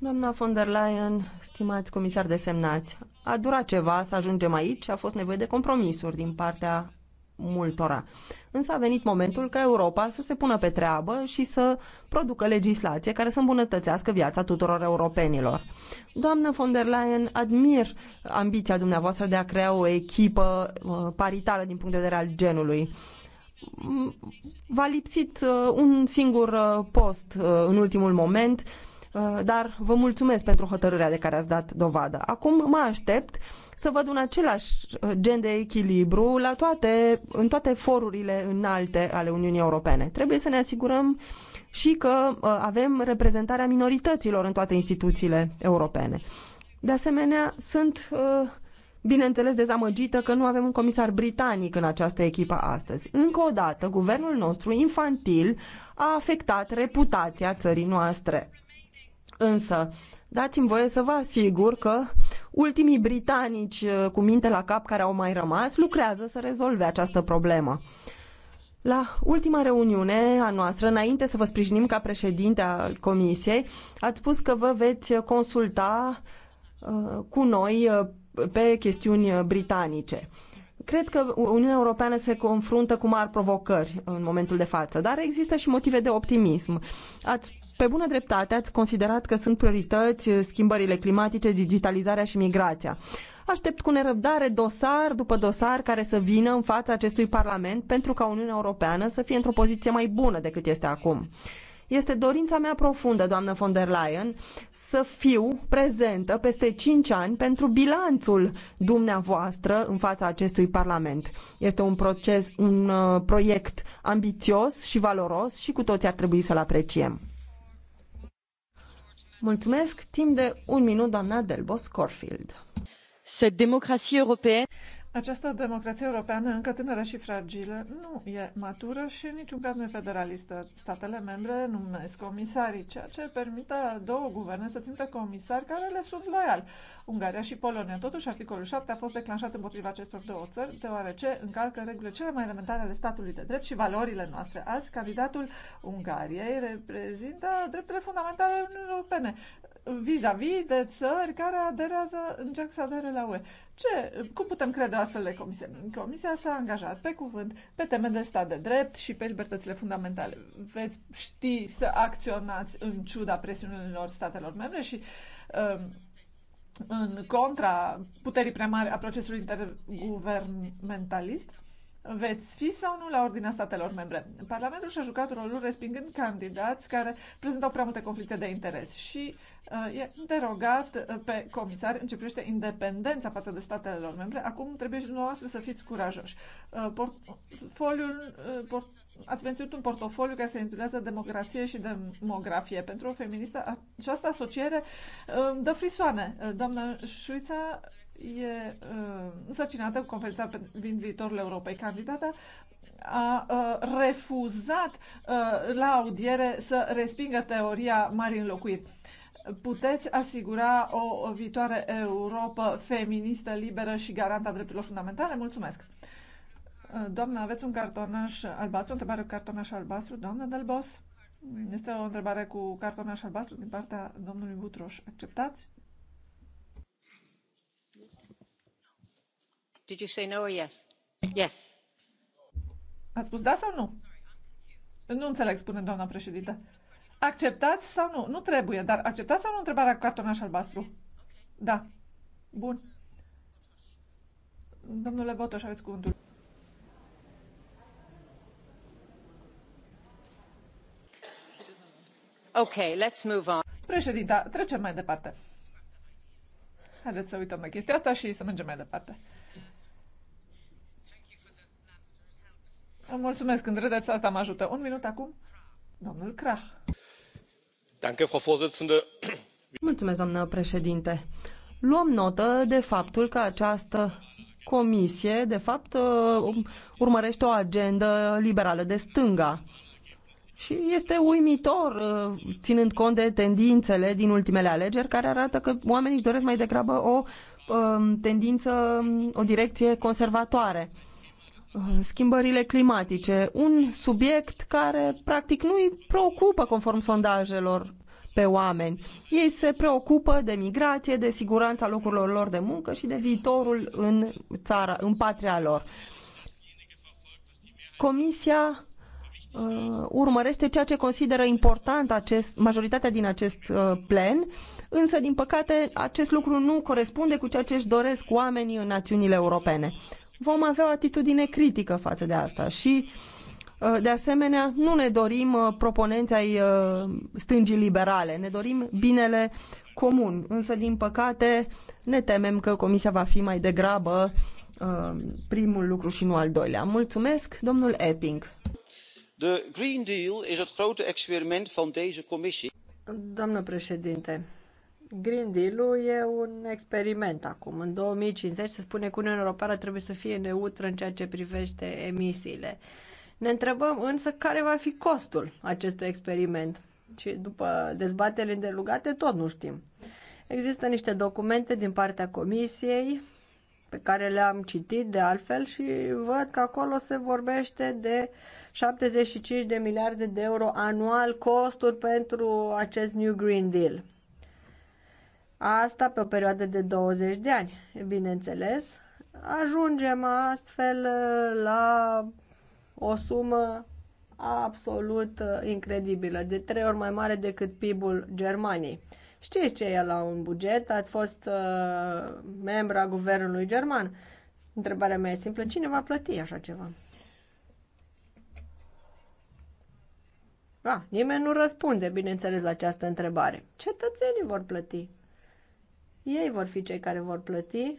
doamnă von der leyen stimați comisari desemnați a durat ceva să ajungem aici și a fost nevoie de compromisuri din partea multora. Însă a venit momentul ca Europa să se pună pe treabă și să producă legislație care să îmbunătățească viața tuturor europenilor. Doamnă von der Leyen, admir ambiția dumneavoastră de a crea o echipă uh, paritară din punct de vedere al genului v-a lipsit uh, un singur uh, post uh, în ultimul moment, dar vă mulțumesc pentru hotărârea de care ați dat dovadă. Acum mă aștept să văd un același gen de echilibru la toate, în toate forurile înalte ale Uniunii Europene. Trebuie să ne asigurăm și că avem reprezentarea minorităților în toate instituțiile europene. De asemenea, sunt uh, bineînțeles, dezamăgită că nu avem un comisar britanic în această echipă astăzi. Încă o dată, guvernul nostru infantil a afectat reputația țării noastre. Însă, dați-mi voie să vă asigur că ultimii britanici uh, cu minte la cap care au mai rămas lucrează să rezolve această problemă. La ultima reuniune a noastră, înainte să vă sprijinim ca președinte al Comisiei, ați spus că vă veți consulta uh, cu noi uh, pe chestiuni uh, britanice. Cred că Uniunea Europeană se confruntă cu mari provocări în momentul de față, dar există și motive de optimism. Ați pe bună dreptate ați considerat că sunt priorități uh, schimbările climatice, digitalizarea și migrația. Aștept cu nerăbdare dosar după dosar care să vină în fața acestui Parlament pentru ca Uniunea Europeană să fie într-o poziție mai bună decât este acum. Este dorința mea profundă, doamnă von der Leyen, să fiu prezentă peste 5 ani pentru bilanțul dumneavoastră în fața acestui Parlament. Este un proces, un uh, proiect ambițios și valoros și cu toții ar trebui să-l apreciem. Mulțumesc. Timp de un minut, doamna Delbos Corfield. Cette démocratie européenne această democrație europeană, încă tânără și fragilă, nu e matură și în niciun caz nu e federalistă. Statele membre numesc comisarii, ceea ce permite două guverne să trimită comisari care le sunt loiali. Ungaria și Polonia. Totuși, articolul 7 a fost declanșat împotriva acestor două țări, deoarece încalcă regulile cele mai elementare ale statului de drept și valorile noastre. Azi, candidatul Ungariei reprezintă drepturile fundamentale ale Uniunii Europene vis-a-vis -vis de țări care aderează, încearcă să adere la UE. Ce, cum putem crede o astfel de comisie? Comisia s-a angajat pe cuvânt, pe teme de stat de drept și pe libertățile fundamentale. Veți ști să acționați în ciuda presiunilor statelor membre și um, în contra puterii prea mari a procesului intergubernamentalist veți fi sau nu la ordinea statelor membre. Parlamentul și-a jucat rolul respingând candidați care prezentau prea multe conflicte de interes și uh, e interogat uh, pe comisar în ce privește independența față de statele membre. Acum trebuie și dumneavoastră să fiți curajoși. Uh, portfoliul, uh, port ați menținut un portofoliu care se intitulează Democrație și Demografie. Pentru o feministă, această asociere uh, dă frisoane. Uh, doamna Șuița e uh, însăcinată cu conferința privind viitorul Europei. Candidata a uh, refuzat uh, la audiere să respingă teoria marii înlocuiri. Puteți asigura o, viitoare Europa feministă, liberă și garanta drepturilor fundamentale? Mulțumesc! Uh, doamna, aveți un cartonaș albastru, o întrebare cu cartonaș albastru, doamna Delbos? Este o întrebare cu cartonaș albastru din partea domnului Butroș. Acceptați? Did you say no or yes? Yes. Ați spus da sau nu? Nu înțeleg, spune doamna președinte. Acceptați sau nu? Nu trebuie, dar acceptați sau nu întrebarea cu cartonaș albastru? Da. Bun. Domnule Botoș, aveți cuvântul. Okay, let's move on. Președinta, trecem mai departe. Haideți să uităm la chestia asta și să mergem mai departe. Mulțumesc, când râdeți, asta mă ajută. Un minut acum, domnul Krach. Mulțumesc, doamnă președinte. Luăm notă de faptul că această comisie, de fapt, uh, um, urmărește o agendă liberală de stânga. Și este uimitor, uh, ținând cont de tendințele din ultimele alegeri, care arată că oamenii își doresc mai degrabă o um, tendință, um, o direcție conservatoare. Uh, schimbările climatice, un subiect care practic nu îi preocupă conform sondajelor pe oameni. Ei se preocupă de migrație, de siguranța locurilor lor de muncă și de viitorul în țara, în patria lor. Comisia uh, urmărește ceea ce consideră important acest, majoritatea din acest uh, plen, însă, din păcate, acest lucru nu corespunde cu ceea ce își doresc oamenii în națiunile europene vom avea o atitudine critică față de asta și uh, de asemenea, nu ne dorim uh, proponenți ai uh, stângii liberale, ne dorim binele comun, însă din păcate ne temem că Comisia va fi mai degrabă primul lucru și nu al doilea. Mulțumesc, domnul Epping. The Green Deal is het grote experiment van deze commissie. Doamnă președinte, Green Deal-ul e un experiment acum. În 2050 se spune că Uniunea Europeană trebuie să fie neutră în ceea ce privește emisiile. Ne întrebăm însă care va fi costul acestui experiment. Și după dezbateri îndelugate tot nu știm. Există niște documente din partea Comisiei pe care le-am citit de altfel și văd că acolo se vorbește de 75 de miliarde de euro anual costuri pentru acest New Green Deal. Asta pe o perioadă de 20 de ani, bineînțeles. Ajungem astfel uh, la o sumă absolut uh, incredibilă, de trei ori mai mare decât PIB-ul Germaniei. Știți ce e la un buget? Ați fost uh, membra guvernului german. Întrebarea mea e simplă. Cine va plăti așa ceva? Da, nimeni nu răspunde, bineînțeles, la această întrebare. Cetățenii vor plăti. Ei vor fi cei care vor plăti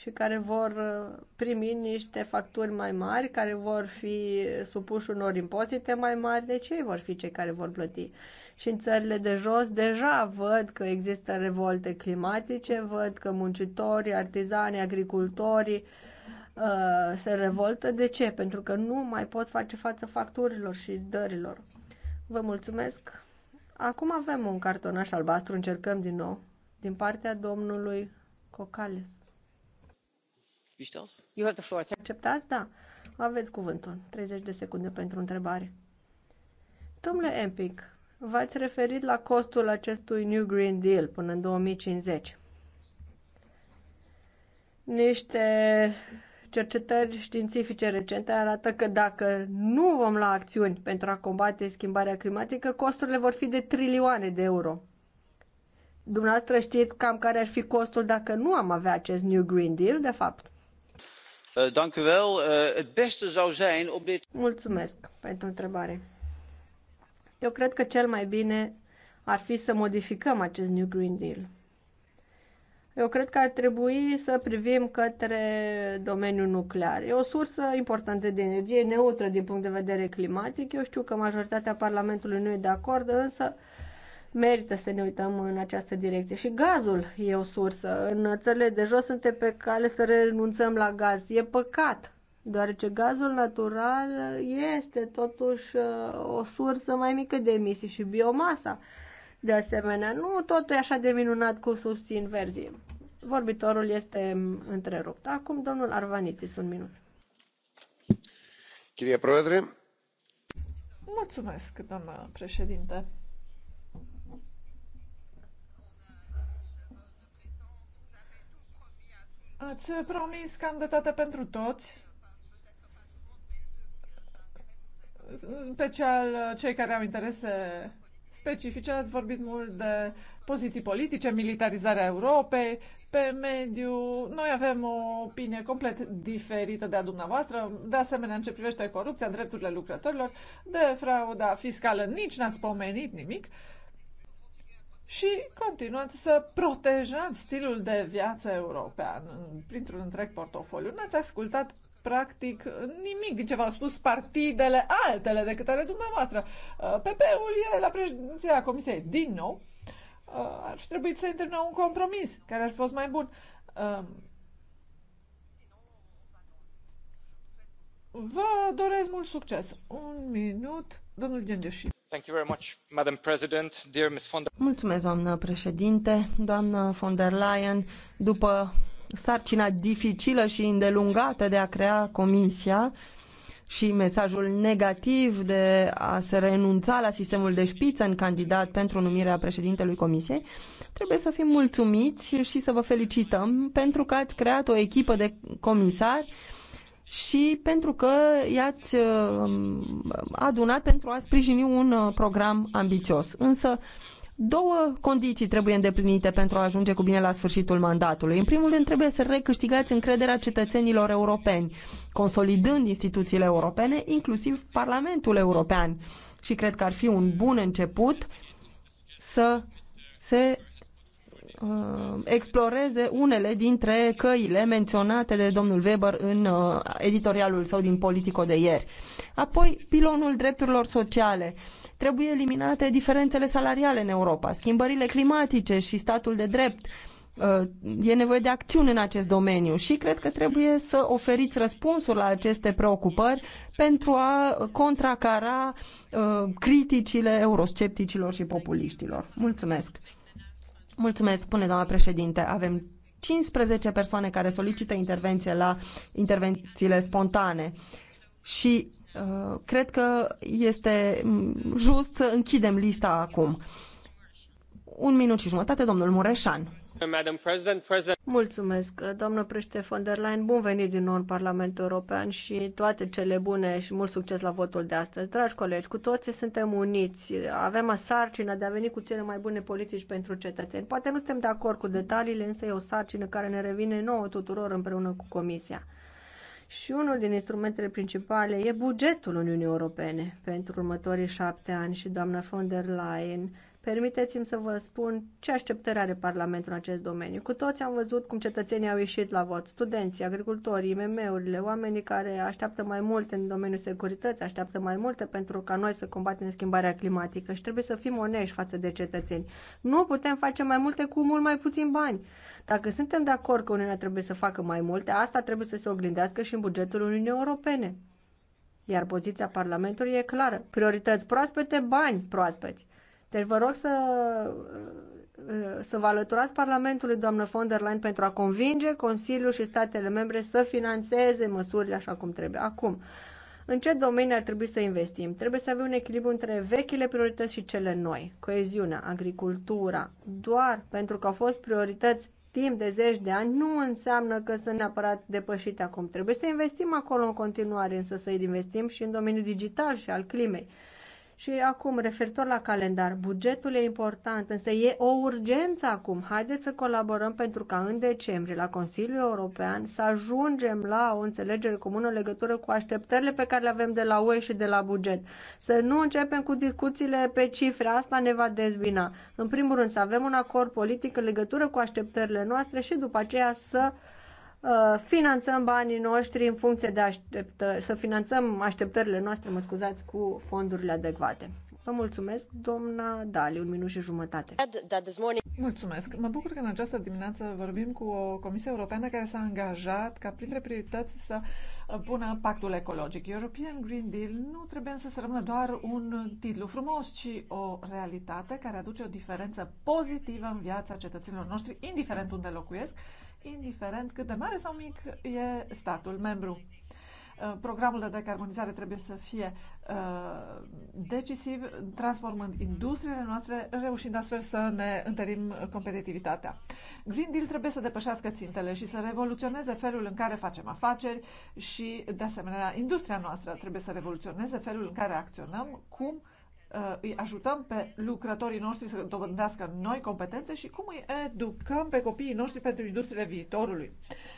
și care vor uh, primi niște facturi mai mari, care vor fi supuși unor impozite mai mari, deci ei vor fi cei care vor plăti. Și în țările de jos deja văd că există revolte climatice, văd că muncitorii, artizanii, agricultorii uh, se revoltă. De ce? Pentru că nu mai pot face față facturilor și dărilor. Vă mulțumesc! Acum avem un cartonaș albastru, încercăm din nou din partea domnului Cocales. You have the floor. Acceptați? Da. Aveți cuvântul. 30 de secunde pentru întrebare. Domnule Empic, v-ați referit la costul acestui New Green Deal până în 2050. Niște cercetări științifice recente arată că dacă nu vom lua acțiuni pentru a combate schimbarea climatică, costurile vor fi de trilioane de euro. Dumneavoastră știți cam care ar fi costul dacă nu am avea acest New Green Deal, de fapt? Mulțumesc pentru întrebare. Eu cred că cel mai bine ar fi să modificăm acest New Green Deal. Eu cred că ar trebui să privim către domeniul nuclear. E o sursă importantă de energie, neutră din punct de vedere climatic. Eu știu că majoritatea Parlamentului nu e de acord, însă merită să ne uităm în această direcție. Și gazul e o sursă. În țările de jos suntem pe cale să renunțăm la gaz. E păcat, deoarece gazul natural este totuși uh, o sursă mai mică de emisii și biomasa. De asemenea, nu totul e așa de minunat cu subțin verzii. Vorbitorul este întrerupt. Acum domnul Arvanitis, un minut. Chirie Proedre. Mulțumesc, doamnă președinte. Ați promis am de toate pentru toți, în special cei care au interese specifice. Ați vorbit mult de poziții politice, militarizarea Europei, pe mediu. Noi avem o opinie complet diferită de a dumneavoastră, de asemenea în ce privește corupția, drepturile lucrătorilor, de frauda fiscală nici n-ați pomenit nimic. Uh, și continuați să protejați stilul de viață european printr-un întreg portofoliu. N-ați ascultat practic nimic din ce v-au spus partidele altele decât ale dumneavoastră. Uh, PP-ul e la președinția Comisiei din nou. Uh, ar fi trebuit să intre un compromis care ar fi fost mai bun. Um, vă doresc mult succes. Un minut, domnul Gengheșin doamnă președintă doamnă von der leyen după sarcina dificilă și îndelungată de a crea comisia și mesajul negativ de a se renunța la sistemul de șpiță în candidat pentru numirea președintelui comisiei, trebuie să fim mulțumiți și să vă felicităm pentru că ați creat o echipă de comisari și pentru că i-ați uh, adunat pentru a sprijini un uh, program ambițios. Însă, două condiții trebuie îndeplinite pentru a ajunge cu bine la sfârșitul mandatului. În primul rând, trebuie să recâștigați încrederea cetățenilor europeni, consolidând instituțiile europene, inclusiv Parlamentul European. Și cred că ar fi un bun început să se uh, exploreze unele dintre căile menționate de domnul Weber în uh, editorialul său din Politico de ieri. Apoi, pilonul drepturilor sociale. Trebuie eliminate diferențele salariale în Europa, schimbările climatice și statul de drept. Uh, e nevoie de acțiune în acest domeniu și cred că trebuie să oferiți răspunsuri la aceste preocupări pentru a contracara uh, criticile euroscepticilor și populiștilor. Mulțumesc! Mulțumesc, spune doamna președinte. Avem 15 persoane care solicită intervenție la intervențiile spontane și uh, cred că este just să închidem lista acum. Un minut și jumătate, domnul Mureșan. Mulțumesc, domnul președinte von der Leyen, bun venit din nou în Parlamentul European și toate cele bune și mult succes la votul de astăzi. Dragi colegi, cu toții suntem uniți, avem o sarcină de a veni cu cele mai bune politici pentru cetățeni. Poate nu suntem de acord cu detaliile, însă e o sarcină care ne revine nouă tuturor împreună cu Comisia. Și unul din instrumentele principale e bugetul Uniunii Europene pentru următorii șapte ani și doamna von der Leyen Permiteți-mi să vă spun ce așteptări are Parlamentul în acest domeniu. Cu toți am văzut cum cetățenii au ieșit la vot. Studenții, agricultorii, MM-urile, oamenii care așteaptă mai multe în domeniul securității, așteaptă mai multe pentru ca noi să combatem schimbarea climatică și trebuie să fim onești față de cetățeni. Nu putem face mai multe cu mult mai puțin bani. Dacă suntem de acord că Uniunea trebuie să facă mai multe, asta trebuie să se oglindească și în bugetul Uniunii Europene. Iar poziția Parlamentului e clară. Priorități proaspete, bani proaspeți. Deci vă rog să, să vă alăturați Parlamentului, doamnă von der Leyen, pentru a convinge Consiliul și statele membre să financeze măsurile așa cum trebuie. Acum, în ce domenii ar trebui să investim? Trebuie să avem un echilibru între vechile priorități și cele noi. Coeziunea, agricultura, doar pentru că au fost priorități timp de zeci de ani nu înseamnă că sunt neapărat depășite acum. Trebuie să investim acolo în continuare, însă să investim și în domeniul digital și al climei. Și acum, referitor la calendar, bugetul e important, însă e o urgență acum. Haideți să colaborăm pentru ca în decembrie, la Consiliul European, să ajungem la o înțelegere comună în legătură cu așteptările pe care le avem de la UE și de la buget. Să nu începem cu discuțiile pe cifre, asta ne va dezbina. În primul rând, să avem un acord politic în legătură cu așteptările noastre și după aceea să Uh, finanțăm banii noștri în funcție de așteptări, să finanțăm așteptările noastre, mă scuzați, cu fondurile adecvate. Vă mulțumesc, doamna Dali, un minut și jumătate. Mulțumesc. Mă bucur că în această dimineață vorbim cu o Comisie Europeană care s-a angajat ca printre priorități să pună pactul ecologic. European Green Deal nu trebuie însă să rămână doar un titlu frumos, ci o realitate care aduce o diferență pozitivă în viața cetățenilor noștri, indiferent unde locuiesc, indiferent cât de mare sau mic e statul membru. Uh, programul de decarbonizare trebuie să fie uh, decisiv, transformând industriile noastre, reușind astfel să ne întărim competitivitatea. Green Deal trebuie să depășească țintele și să revoluționeze felul în care facem afaceri și, de asemenea, industria noastră trebuie să revoluționeze felul în care acționăm, cum Uh, îi ajutăm pe lucrătorii noștri să dobândească noi competențe și cum îi educăm pe copiii noștri pentru industriile viitorului.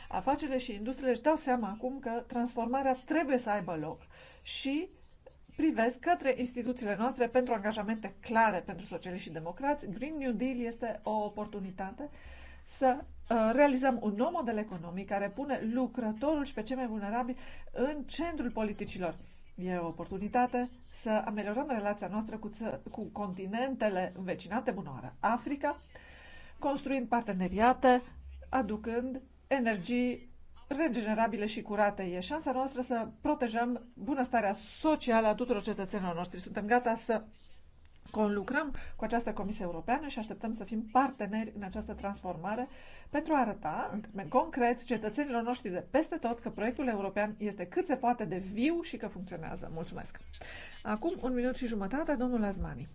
Afacerile și industriile își dau seama acum că transformarea trebuie să aibă loc și privesc către instituțiile noastre pentru angajamente clare pentru socialiști și democrați. Green New Deal este o oportunitate să uh, realizăm un nou model economic care pune lucrătorul și pe cei mai vulnerabili în centrul politicilor E o oportunitate să ameliorăm relația noastră cu, cu continentele învecinate, bunoară Africa, construind parteneriate, aducând energii regenerabile și curate. E șansa noastră să protejăm bunăstarea socială a tuturor cetățenilor noștri. Suntem gata să conlucrăm cu această Comisie Europeană și așteptăm să fim parteneri în această transformare pentru a arăta, în termeni concret, cetățenilor noștri de peste tot că proiectul european este cât se poate de viu și că funcționează. Mulțumesc! Acum un minut și jumătate, domnul Azmani.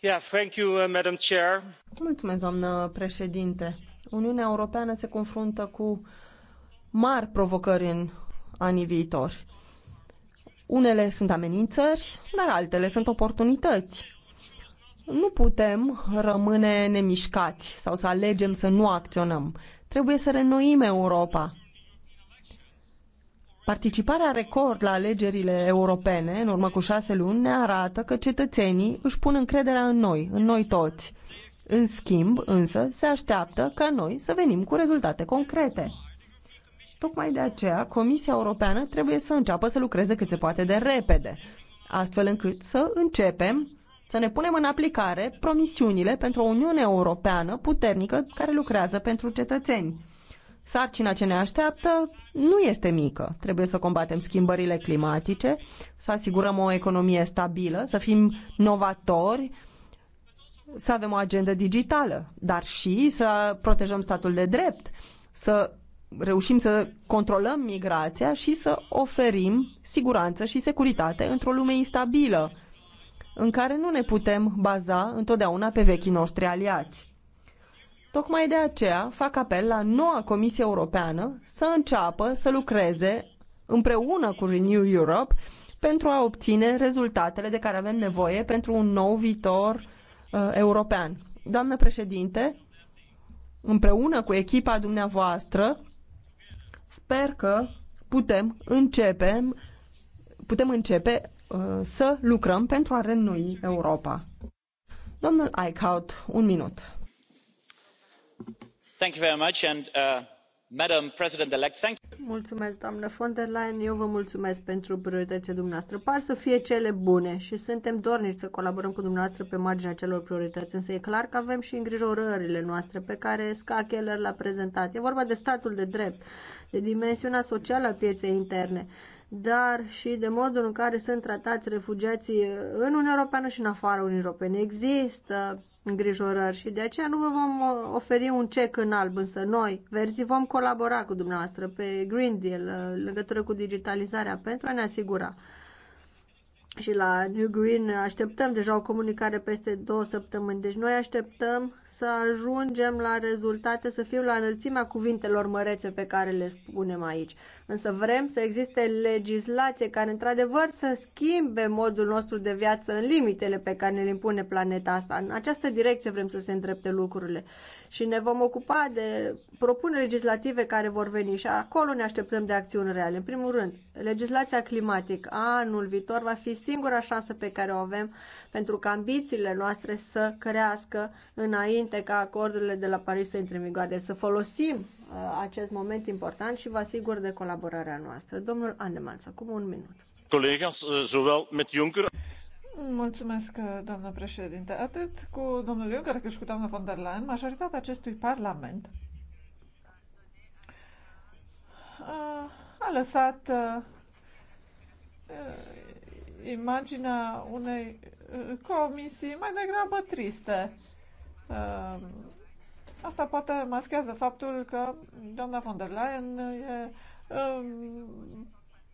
Yeah, thank you, uh, Madam Chair. Mulțumesc, doamnă președinte. Uniunea Europeană se confruntă cu mari provocări în anii viitori unele sunt amenințări, dar altele sunt oportunități. Nu putem rămâne nemișcați sau să alegem să nu acționăm. Trebuie să renoim Europa. Participarea record la alegerile europene, în urmă cu șase luni, ne arată că cetățenii își pun încrederea în noi, în noi toți. În schimb, însă, se așteaptă ca noi să venim cu rezultate concrete. Tocmai de aceea, Comisia Europeană trebuie să înceapă să lucreze cât se poate de repede, astfel încât să începem să ne punem în aplicare promisiunile pentru o Uniune Europeană puternică care lucrează pentru cetățeni. Sarcina ce ne așteaptă nu este mică. Trebuie să combatem schimbările climatice, să asigurăm o economie stabilă, să fim novatori, să avem o agendă digitală, dar și să protejăm statul de drept, să reușim să controlăm migrația și să oferim siguranță și securitate într-o lume instabilă, în care nu ne putem baza întotdeauna pe vechii noștri aliați. Tocmai de aceea fac apel la noua Comisie Europeană să înceapă să lucreze împreună cu Renew Europe pentru a obține rezultatele de care avem nevoie pentru un nou viitor uh, european. Doamnă președinte, împreună cu echipa dumneavoastră, Sper că putem începe, putem începe uh, să lucrăm pentru a reînnoi Europa. Domnul Eichhout, un minut. Thank you very much and, uh doamnă von der Leyen. Eu vă mulțumesc pentru prioritățile dumneavoastră. Par să fie cele bune și suntem dornici să colaborăm cu dumneavoastră pe marginea celor priorități, însă e clar că avem și îngrijorările noastre pe care Ska Keller le a prezentat. E vorba de statul de drept, de dimensiunea socială a pieței interne, dar și de modul în care sunt tratați refugiații în Uniunea Europeană și în afara Uniunii Europene. Există îngrijorări și de aceea nu vă vom uh, oferi un cec în alb, însă noi, Verzi, vom colabora cu dumneavoastră pe Green Deal, uh, legătură cu digitalizarea, pentru a ne asigura. Și la New Green așteptăm deja o comunicare peste două săptămâni, deci noi așteptăm să ajungem la rezultate, să fim la înălțimea cuvintelor mărețe pe care le spunem aici. Însă vrem să existe legislație care într-adevăr să schimbe modul nostru de viață în limitele pe care ne le impune planeta asta. În această direcție vrem să se îndrepte lucrurile. Și ne vom ocupa de propuneri legislative care vor veni și acolo ne așteptăm de acțiuni reale. În primul rând, legislația climatică anul viitor va fi singura șansă pe care o avem pentru ca ambițiile noastre să crească înainte ca acordurile de la Paris să intre în vigoare. Deci să folosim Uh, acest moment important și vă asigur de colaborarea noastră. Domnul Andemans, acum un minut. Colegas, uh, zowel met Juncker... Mulțumesc, uh, doamnă președinte. Atât cu domnul Juncker cât și cu doamna von der Leyen, majoritatea acestui parlament a lăsat imaginea unei comisii mai degrabă triste Asta poate maschează faptul că doamna von der Leyen e um,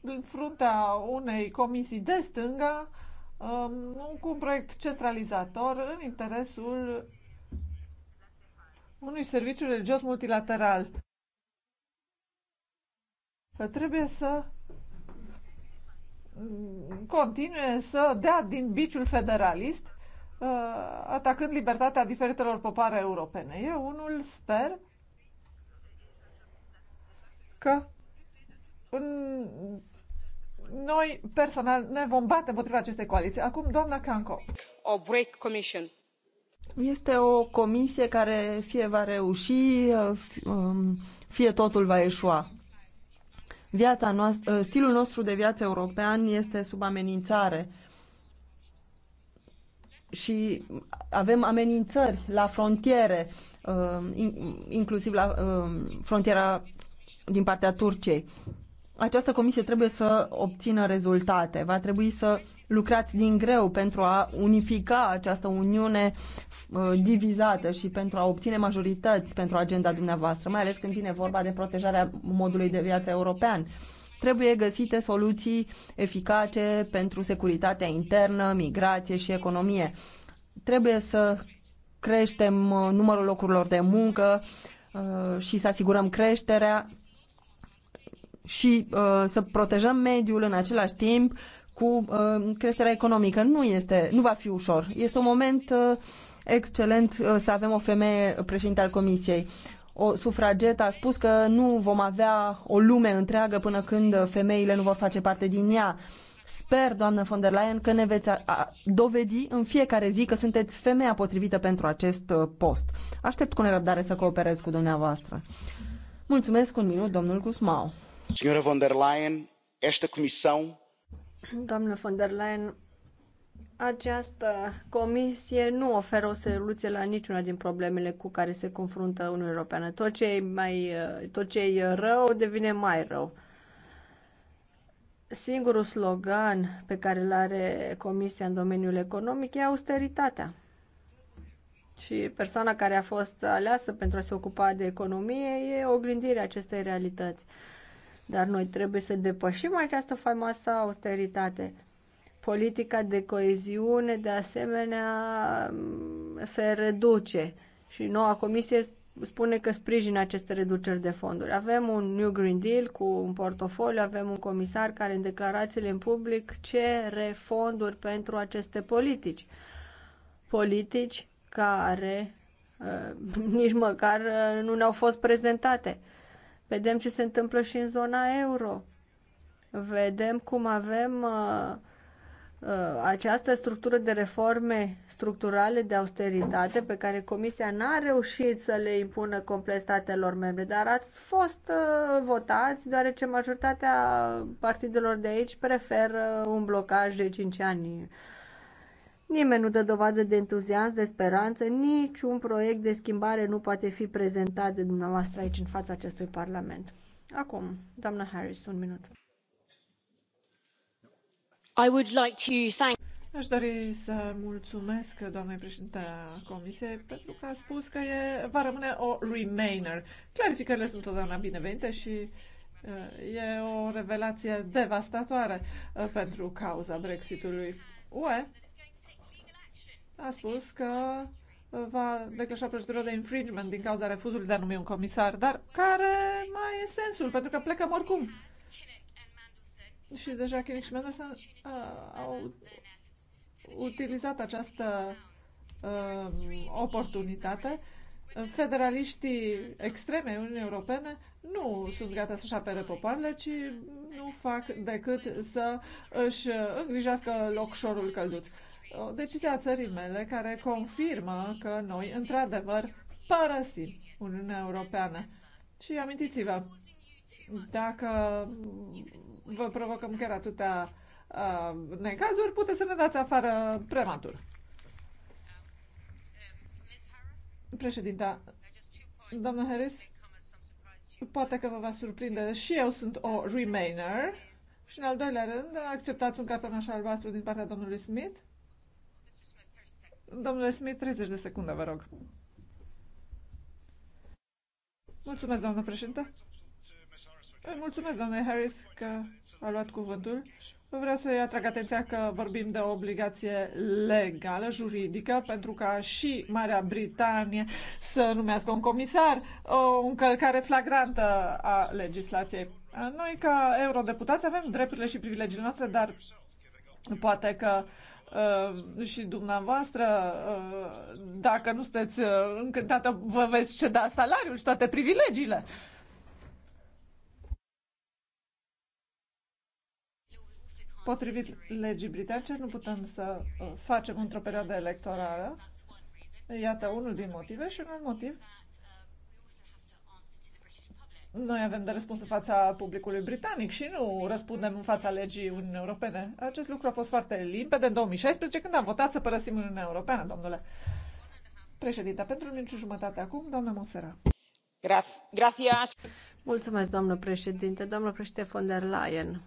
în fruntea unei comisii de stânga um, cu un proiect centralizator în interesul unui serviciu religios multilateral. Trebuie să continue să dea din biciul federalist Uh, atacând libertatea diferitelor popoare europene. Eu unul sper că noi personal ne vom bate împotriva acestei coaliții. Acum, doamna Canco. O break commission. Este o comisie care fie va reuși, um, fie totul va eșua. Viața noastră, stilul nostru de viață european este sub amenințare și avem amenințări la frontiere, uh, inclusiv la uh, frontiera din partea Turciei. Această comisie trebuie să obțină rezultate. Va trebui să lucrați din greu pentru a unifica această uniune uh, divizată și pentru a obține majorități pentru agenda dumneavoastră, mai ales când vine vorba de protejarea modului de viață european trebuie găsite soluții eficace pentru securitatea internă, migrație și economie. Trebuie să creștem uh, numărul locurilor de muncă uh, și să asigurăm creșterea și uh, să protejăm mediul în același timp cu creșterea economică. Nu, este, nu va fi ușor. Este un moment excelent să avem o femeie președinte al Comisiei o sufragetă a spus că nu vom avea o lume întreagă până când femeile nu vor face parte din ea. Sper, doamnă von der Leyen, că ne veți dovedi în fiecare zi că sunteți femeia potrivită pentru acest uh, post. Aștept cu nerăbdare să cooperez cu dumneavoastră. Mulțumesc un minut, domnul Gusmau. Signora von der Leyen, esta comissão... Doamnă von der Leyen, această comisie nu oferă o soluție la niciuna din problemele cu care se confruntă Uniunea Europeană. Tot ce mai, uh, tot ce e rău devine mai rău. Singurul slogan pe care îl are Comisia în domeniul economic e austeritatea. Și persoana care a fost aleasă pentru a se ocupa de economie e oglindirea acestei realități. Dar noi trebuie să depășim această faimoasă austeritate politica de coeziune, de asemenea, se reduce și noua comisie spune că sprijină aceste reduceri de fonduri. Avem un New Green Deal cu un portofoliu, avem un comisar care în declarațiile în public cere fonduri pentru aceste politici. Politici care uh, nici măcar uh, nu ne-au fost prezentate. Vedem ce se întâmplă și în zona euro. Vedem cum avem uh, Uh, această structură de reforme structurale de austeritate pe care Comisia n-a reușit să le impună complet statelor membre, dar ați fost uh, votați deoarece majoritatea partidelor de aici preferă un blocaj de 5 ani. Nimeni nu dă dovadă de entuziasm, de speranță, niciun proiect de schimbare nu poate fi prezentat de dumneavoastră aici în fața acestui Parlament. Acum, doamna Harris, un minut. Aș dori să mulțumesc doamnei președinte a Comisiei pentru că a spus că e, va rămâne o remainer. Clarificările sunt totdeauna binevenite și uh, e o revelație devastatoare uh, pentru cauza Brexitului. UE a spus că uh, va declanșa procedura de infringement din cauza refuzului de a numi un comisar, dar care mai e sensul? Pentru că plecăm oricum și deja Clinic și Mendelssohn uh, au utilizat această uh, oportunitate. Federaliștii extreme Uniunii Europene nu sunt gata să-și apere popoarele, ci nu fac decât să își îngrijească locșorul călduț. O decizie a țării mele care confirmă că noi, într-adevăr, părăsim Uniunea Europeană. Și amintiți-vă, dacă vă provocăm chiar atâtea uh, necazuri, puteți să ne dați afară prematur. Președinta, doamna Harris, poate că vă va surprinde. Și eu sunt o remainer. Și în al doilea rând, acceptați un carton așa albastru din partea domnului Smith? Domnule Smith, 30 de secunde, vă rog. Mulțumesc, doamnă președinte. Îi păi, mulțumesc, domnule Harris, că a luat cuvântul. Vreau să-i atrag atenția că vorbim de o obligație legală, juridică, pentru ca și Marea Britanie să numească un comisar, o încălcare flagrantă a legislației. Noi, ca eurodeputați, avem drepturile și privilegiile noastre, dar poate că Uh, și dumneavoastră, uh, dacă nu sunteți uh, încântată, vă veți ceda salariul și toate privilegiile. Uh, Potrivit legii britanice, nu putem să uh, facem într-o perioadă electorală. Iată unul din motive și un alt motiv. Noi avem de răspuns în fața publicului britanic și nu răspundem în fața legii Uniunii Europene. Acest lucru a fost foarte limpede în 2016 când am votat să părăsim Uniunea Europeană, domnule președinte. Pentru minut jumătate acum, doamna Monserrat. gracias. Mulțumesc, doamnă președinte. Doamnă președinte von der Leyen,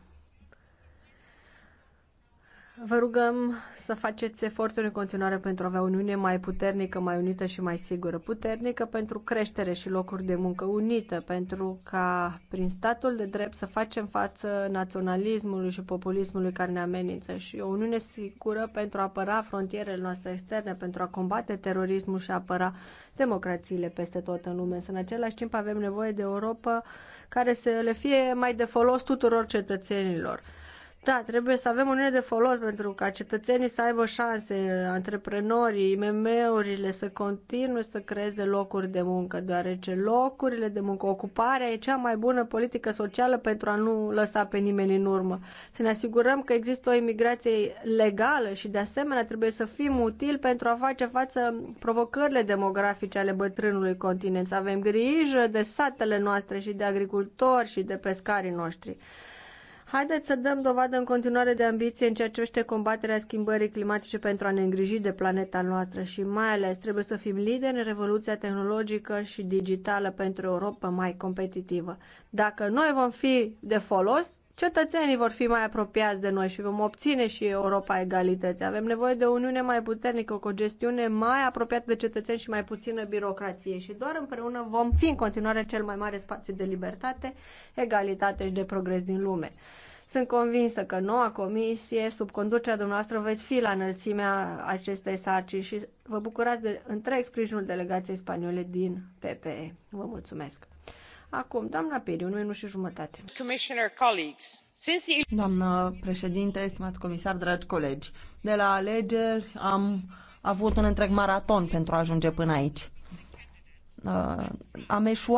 Vă rugăm să faceți eforturi în continuare pentru a avea o Uniune mai puternică, mai unită și mai sigură. Puternică pentru creștere și locuri de muncă unită, pentru ca prin statul de drept să facem față naționalismului și populismului care ne amenință și o Uniune sigură pentru a apăra frontierele noastre externe, pentru a combate terorismul și a apăra democrațiile peste tot în lume. Să în același timp avem nevoie de Europa care să le fie mai de folos tuturor cetățenilor da, trebuie să avem unele de folos pentru ca cetățenii să aibă șanse, antreprenorii, IMM-urile să continue să creeze locuri de muncă, deoarece locurile de muncă, ocuparea e cea mai bună politică socială pentru a nu lăsa pe nimeni în urmă. Să ne asigurăm că există o imigrație legală și de asemenea trebuie să fim utili pentru a face față provocările demografice ale bătrânului continent. Să avem grijă de satele noastre și de agricultori și de pescarii noștri. Haideți să dăm dovadă în continuare de ambiție în ceea ce privește combaterea schimbării climatice pentru a ne îngriji de planeta noastră și mai ales trebuie să fim lideri în revoluția tehnologică și digitală pentru o Europa mai competitivă. Dacă noi vom fi de folos, cetățenii vor fi mai apropiați de noi și vom obține și Europa egalității. Avem nevoie de o uniune mai puternică, cu o gestiune mai apropiată de cetățeni și mai puțină birocrație și doar împreună vom fi în continuare cel mai mare spațiu de libertate, egalitate și de progres din lume. Sunt convinsă că noua comisie, sub conducerea dumneavoastră, veți fi la înălțimea acestei sarcini și vă bucurați de întreg sprijinul delegației spaniole din PPE. Vă mulțumesc! Acum, doamna Peri, un minut și jumătate. Doamnă președinte, estimat comisar, dragi colegi, de la alegeri am avut un întreg maraton pentru a ajunge până aici. Uh, am eșuat